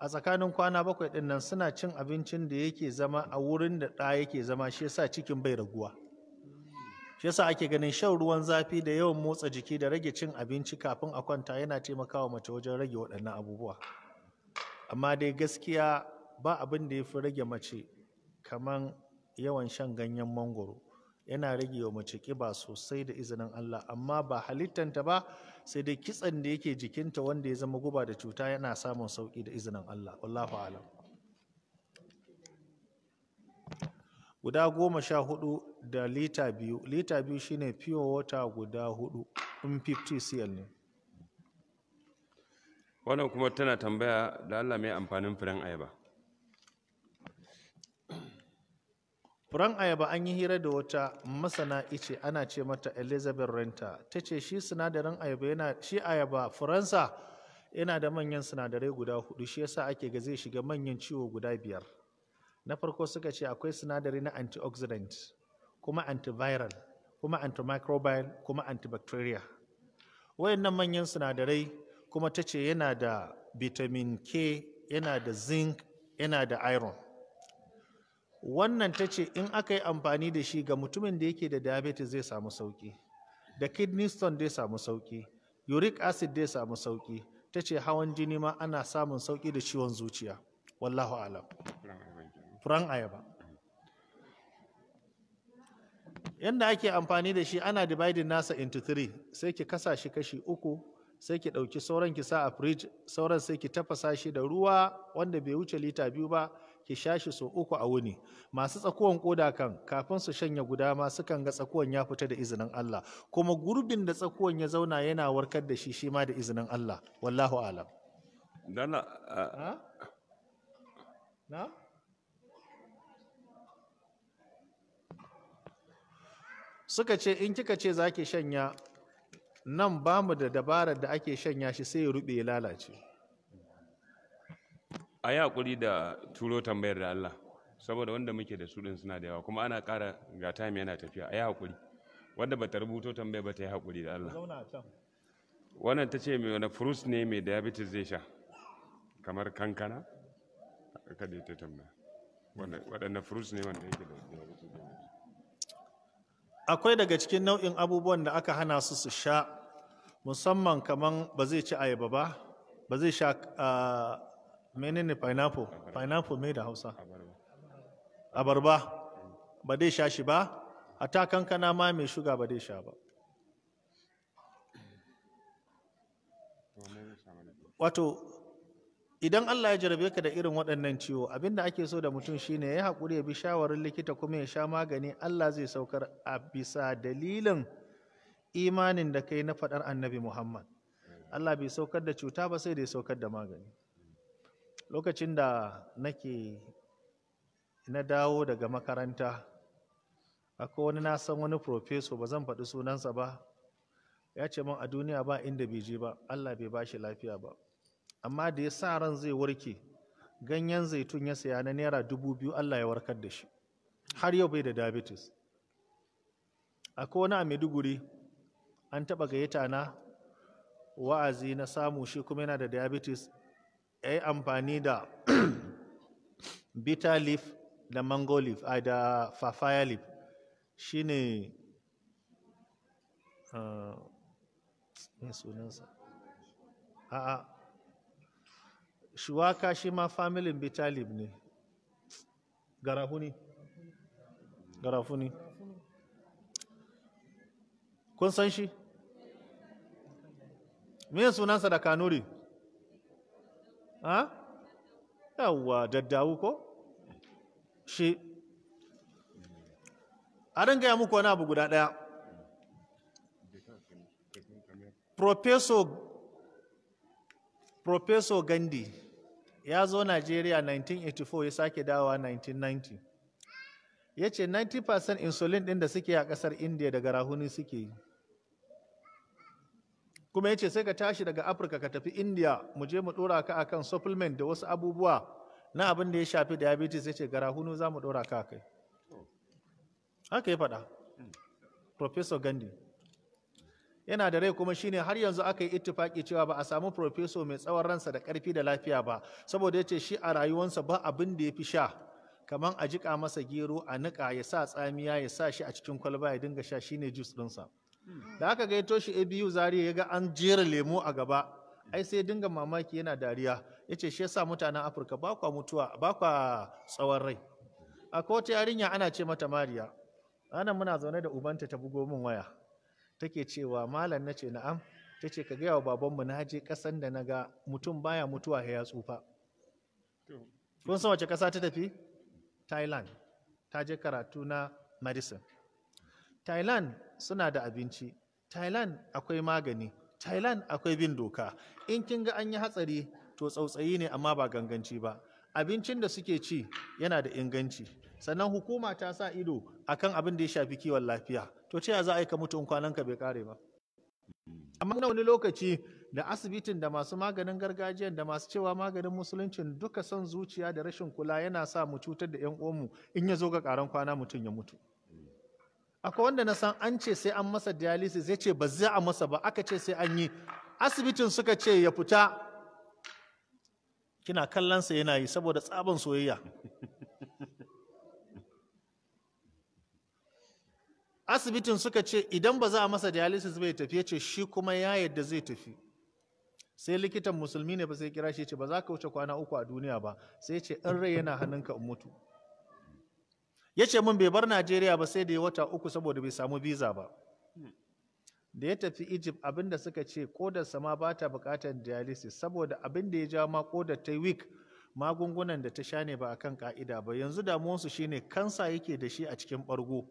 [SPEAKER 1] a tsakanin kwana bakwai din nan suna cin abincin da yake zama a wurin da ɗa yake zama shi yasa cikin bai raguwa shi yasa ake ganin shan ruwan zafi da yawan motsa jiki da rage cin abinci kafin a kwanta yana taimakawa mace wajen rage waɗannan abubuwa amma dai gaskiya ba abin da ya fi rage mace kaman yawan shan ganyen mangoro yana rage wa mace ƙiba sosai da izinin Allah amma ba halittanta ba sai dai kitsan da yake jikinta wanda ya zama guba da cuta yana samun sauki da izinin Allah wallahu alam guda goma sha hudu da lita biyu lita biyu shine pure water guda hudu in
[SPEAKER 2] 50 cl ne wannan kuma tana tambaya da Allah mai amfanin furen ayaba furen
[SPEAKER 1] ayaba an yi hira da wata masana ice ana ce mata elizabeth renta ta ce shi sinadarin ayaba yana shi ayaba yana da manyan sinadarai guda hudu shi yasa ake ga zai shiga manyan ciwo guda biyar na farko suka ce akwai sinadari na antioxidant kuma antiviral kuma antimicrobial kuma antibacterial wayannan manyan sinadarai kuma ta ce yana da vitamin k yana da zinc yana da iron wannan ta ce in aka yi amfani da shi ga mutumin da yake da diabetes zai samu sauki da kidney stone zai samu sauki uric acid zai samu sauki ta ce hawan jini ma ana samun sauki da ciwon zuciya wallahu alam furan ayaba yadda ake amfani da shi ana dividing nasa into three sai ki kasa shi kashi uku sai ki ɗauki sauran ki sa a fridge sauran sai ki tafasa shi da ruwa wanda bai wuce lita biyu ba ki sha shi sau uku a wuni masu tsakuwan koda kan kafin su shanya guda ma sukan ga tsakuwan ya fita da izinin Allah kuma gurbin da tsakuwan ya zauna yana warkar da shi shi ma da izinin Allah wallahu alam
[SPEAKER 2] dana na
[SPEAKER 1] suka ce in kika ce zaki shanya nan ba mu da dabarar da ake shanya shi sai ya rube ya lalace
[SPEAKER 2] a yi haƙuri da turo tambayar da Allah saboda wanda muke da su suna da yawa kuma ana ƙara ga time yana tafiya a yi haƙuri wanda ba ta rubuto tambayar ba ta yi haƙuri da Allah wannan ta ce mai wani fruits ne mai diabetes zai sha kamar kankana aka da ta tambaya waɗanne fruits ne wanda yake da
[SPEAKER 1] akwai daga cikin nau'in abubuwan da aka hana su su sha musamman kaman ba zai ci ayaba ba ba zai sha menene pineapple pineapple mai da hausa abarba ba zai sha shi ba a ta kankana ma mai shuga ba zai sha ba wato idan Allah ya jarabe ka da irin waɗannan ciwo abin da ake so da mutum shine ya haƙuri ya bi shawarin likita kuma ya sha magani Allah zai saukar a bisa dalilin imanin da kai na faɗar annabi Muhammad Allah bai saukar da cuta ba sai dai saukar da magani lokacin da nake na dawo daga makaranta akwai wani na san wani profeso ba zan faɗi sunansa ba ya ce min a duniya ba inda bai je ba Allah bai ba shi lafiya ba amma da ya sa ran zai warke ganyen zaitun ya saya na naira dubu biyu Allah ya warkar da shi har yau bai da diabetes akwai wani a maiduguri an taɓa gayyata na wa'azi na samu shi kuma yana da diabetes ya yi amfani da bitter leaf da mango leaf a da papaya leaf shi ne ah, sunansa shuwaka shi ma familin bitalib ne garafuni kun san shi me sunansa da kanuri ha ah? yawwa daddawu ko shi a dinga ya muku wani abu guda ɗaya Professor Professor Gandhi ya zo Najeriya 1984 ya sake dawowa 1990 ya ce 90% insulin ɗin da suke a ƙasar India daga rahuni suke yi kuma ya ce sai ka tashi daga Afirka ka tafi India mu je mu ɗora ka akan supplement da wasu abubuwa na abin da ya shafi diabetes ya ce ga rahuni za mu ɗora ka kai haka ya faɗa Professor Gandhi yana da rai kuma shine har yanzu aka yi ittifaki cewa ba a samu profeso mai tsawon ransa da karfi da lafiya ba saboda ya ce shi a rayuwarsa ba abin da ya fi sha kamar a jiƙa masa gero a niƙa ya sa tsamiya ya sa shi a cikin kwalba ya dinga sha shine jus ɗinsa da aka ya shi abu Zaria ya ga an jera lemo a gaba ai sai dinga mamaki yana dariya ya ce shi sa mutanen afirka ba kwa mutuwa ba kwa tsawon rai a kowace yarinya ana ce mata mariya ranar muna zaune da ubanta ta bugo min waya take cewa malam na ce na'am ta ce ka gaya wa babanmu na je kasan da na ga mutum baya mutuwa ya tsufa kun san wace ƙasa ta tafi thailand ta je karatu na medicine thailand suna da abinci thailand akwai magani thailand akwai bin doka in kin ga an yi hatsari to tsautsayi ne amma ba ganganci ba abincin da suke ci yana da inganci sannan hukuma ta sa ido a kan abin da ya shafi kiwon lafiya to ce za a yi ka mutu in kwananka bai kare ba amma na wani lokaci da asibitin da masu maganin gargajiyan da masu cewa maganin musuluncin duka son zuciya da rashin kula yana sa mu cutar da yan uwanmu in ya zo ga karan kwana mutum ya mutu akwai wanda na san an ce sai an masa dialysis ya ce ba za a masa ba aka ce sai an yi asibitin suka ce ya fita kina kallonsa yana yi saboda tsaban soyayya asibitin suka ce idan ba za a masa dialysis bai tafi ya ce shi kuma ya yadda zai tafi sai likitan musulmi ne ba sai kira shi ce ba za ka wuce kwana uku a duniya ba sai ce in rai yana hannunka in mutu ya ce min bai bar najeriya ba sai da ya wata uku saboda bai samu visa ba da ya tafi egypt abinda suka ce kodarsa ma ba ta bukatar dialysis saboda abinda ya ja ma kodar ta wik magungunan da ta sha ne ba akan ka'ida ba yanzu damuwarsu shine kansa yake da shi a cikin bargo.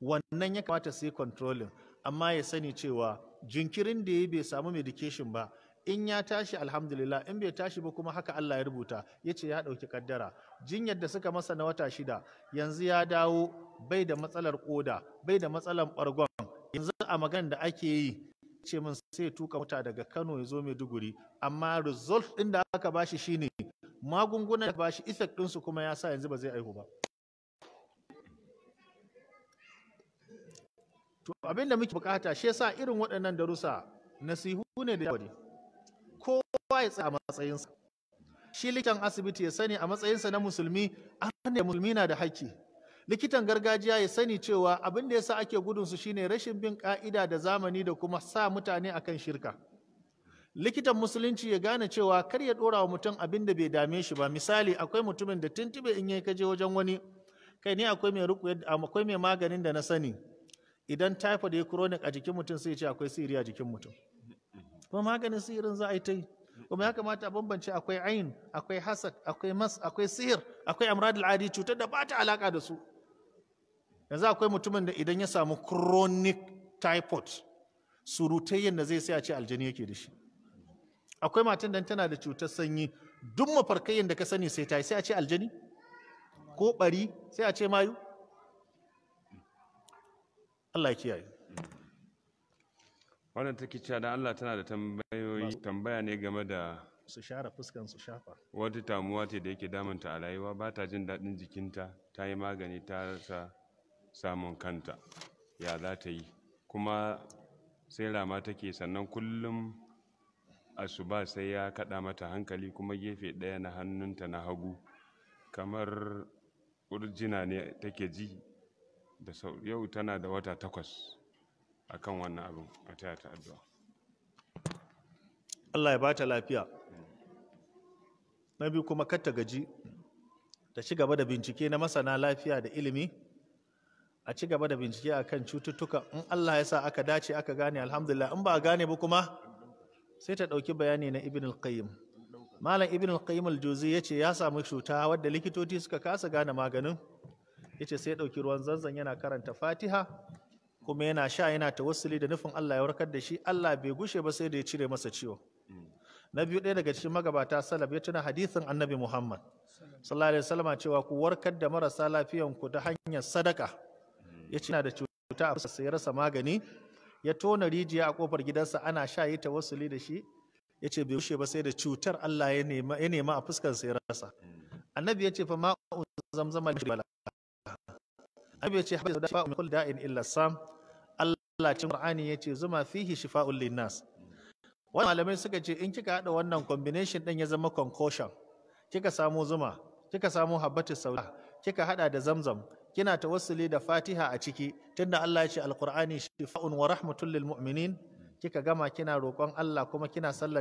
[SPEAKER 1] wannan ya kamata sai controlling amma ya sani cewa jinkirin da ya bai samu medication ba in ya tashi alhamdulillah in bai tashi ba kuma haka Allah ya rubuta ya ce ya dauki kaddara jinyar da suka masa na wata shida yanzu ya dawo bai da matsalar koda bai da matsalar ɓargon yanzu a magan da ake yi ce min sai tuka mota daga Kano ya zo Maiduguri amma result ɗin da aka bashi shine magungunan da bashi effect ɗinsu kuma ya sa yanzu ba zai aihu ba to abin da muke bukata shi sa irin waɗannan darussa nasihu ne da yawari kowa ya tsaya a matsayinsa shi likitan asibiti ya sani a matsayinsa na musulmi an ne musulmi na da haƙƙi likitan gargajiya ya sani cewa abin da ya sa ake gudun su shine rashin bin ka'ida da zamani da kuma sa mutane akan shirka likitan musulunci ya gane cewa kar ya dora wa mutum abin da bai dame shi ba misali akwai mutumin da tuntube in yayi kaje wajen wani kai ne akwai mai akwai mai maganin da na sani idan typhoid ya chronic a jikin mutum sai ce akwai siri a jikin mutum kuma maganin sihirin za a yi ta yi kuma ya kamata a bambance akwai ain akwai hasad akwai mas akwai sihir akwai amradul adi cutar da ba ta alaka da su yanzu akwai mutumin da idan ya samu chronic typhoid surutayyen da zai sai a ce aljani yake da shi akwai matan da tana da cutar sanyi duk mafarkayyen da ka sani sai ta yi sai a ce aljani ko bari sai a ce mayu
[SPEAKER 2] Allah ya kiyaye wannan take cewa dan Allah tana da tambayoyi tambaya ne game da
[SPEAKER 1] su share fuskan su shafa
[SPEAKER 2] wata tamuwa ce da yake damunta a rayuwa ba ta jin daɗin jikinta ta yi magani ta rasa samun kanta ya za ta yi kuma sai rama take sannan kullum ba sai ya kaɗa mata hankali kuma gefe ɗaya na hannunta na hagu kamar urjina ne take ji da sau yau tana da wata takwas a kan wannan abin a taya ta addu'a Allah ya ba ta lafiya
[SPEAKER 1] na biyu kuma katta gaji ta ci gaba da bincike na masana lafiya da ilimi a ci gaba da bincike a kan cututtuka in Allah ya sa aka dace aka gane alhamdulillah in ba gane ba kuma sai ta ɗauki bayani na ibn al-qayyim malam ibn al-qayyim al-juzi ya ce ya samu cuta wadda likitoci suka kasa gane maganin yace sai ɗauki dauki ruwan zanzan yana karanta Fatiha kuma yana sha yana tawassuli da nufin Allah ya warkar da shi Allah bai gushe ba sai da ya cire masa ciwo na biyu ɗaya daga cikin magabata salaf ya tuna hadisin annabi Muhammad sallallahu alaihi wasallam cewa ku warkar da marasa lafiyan ku ta hanyar sadaka ya ce da cuta a sai ya rasa magani ya tona rijiya a kofar gidansa ana sha yi tawassuli da shi ya ce bai gushe ba sai da cutar Allah ya nema a fuskar sa ya rasa annabi ya ce fa ma'u zamzama bala abi ya ce haɓe da shifa'un kull da'in illa sam Allah cin Qur'ani ya ce zuma fihi shifa'un linnas wannan malamai suka ce in kika haɗa wannan combination ɗin ya zama concussion kika samu zuma kika samu habbatu sauda kika haɗa da zamzam kina tawassuli da fatiha a ciki tunda Allah ya ce alqur'ani shifa'un wa rahmatul lil mu'minin kika gama kina roƙon Allah kuma kina sallar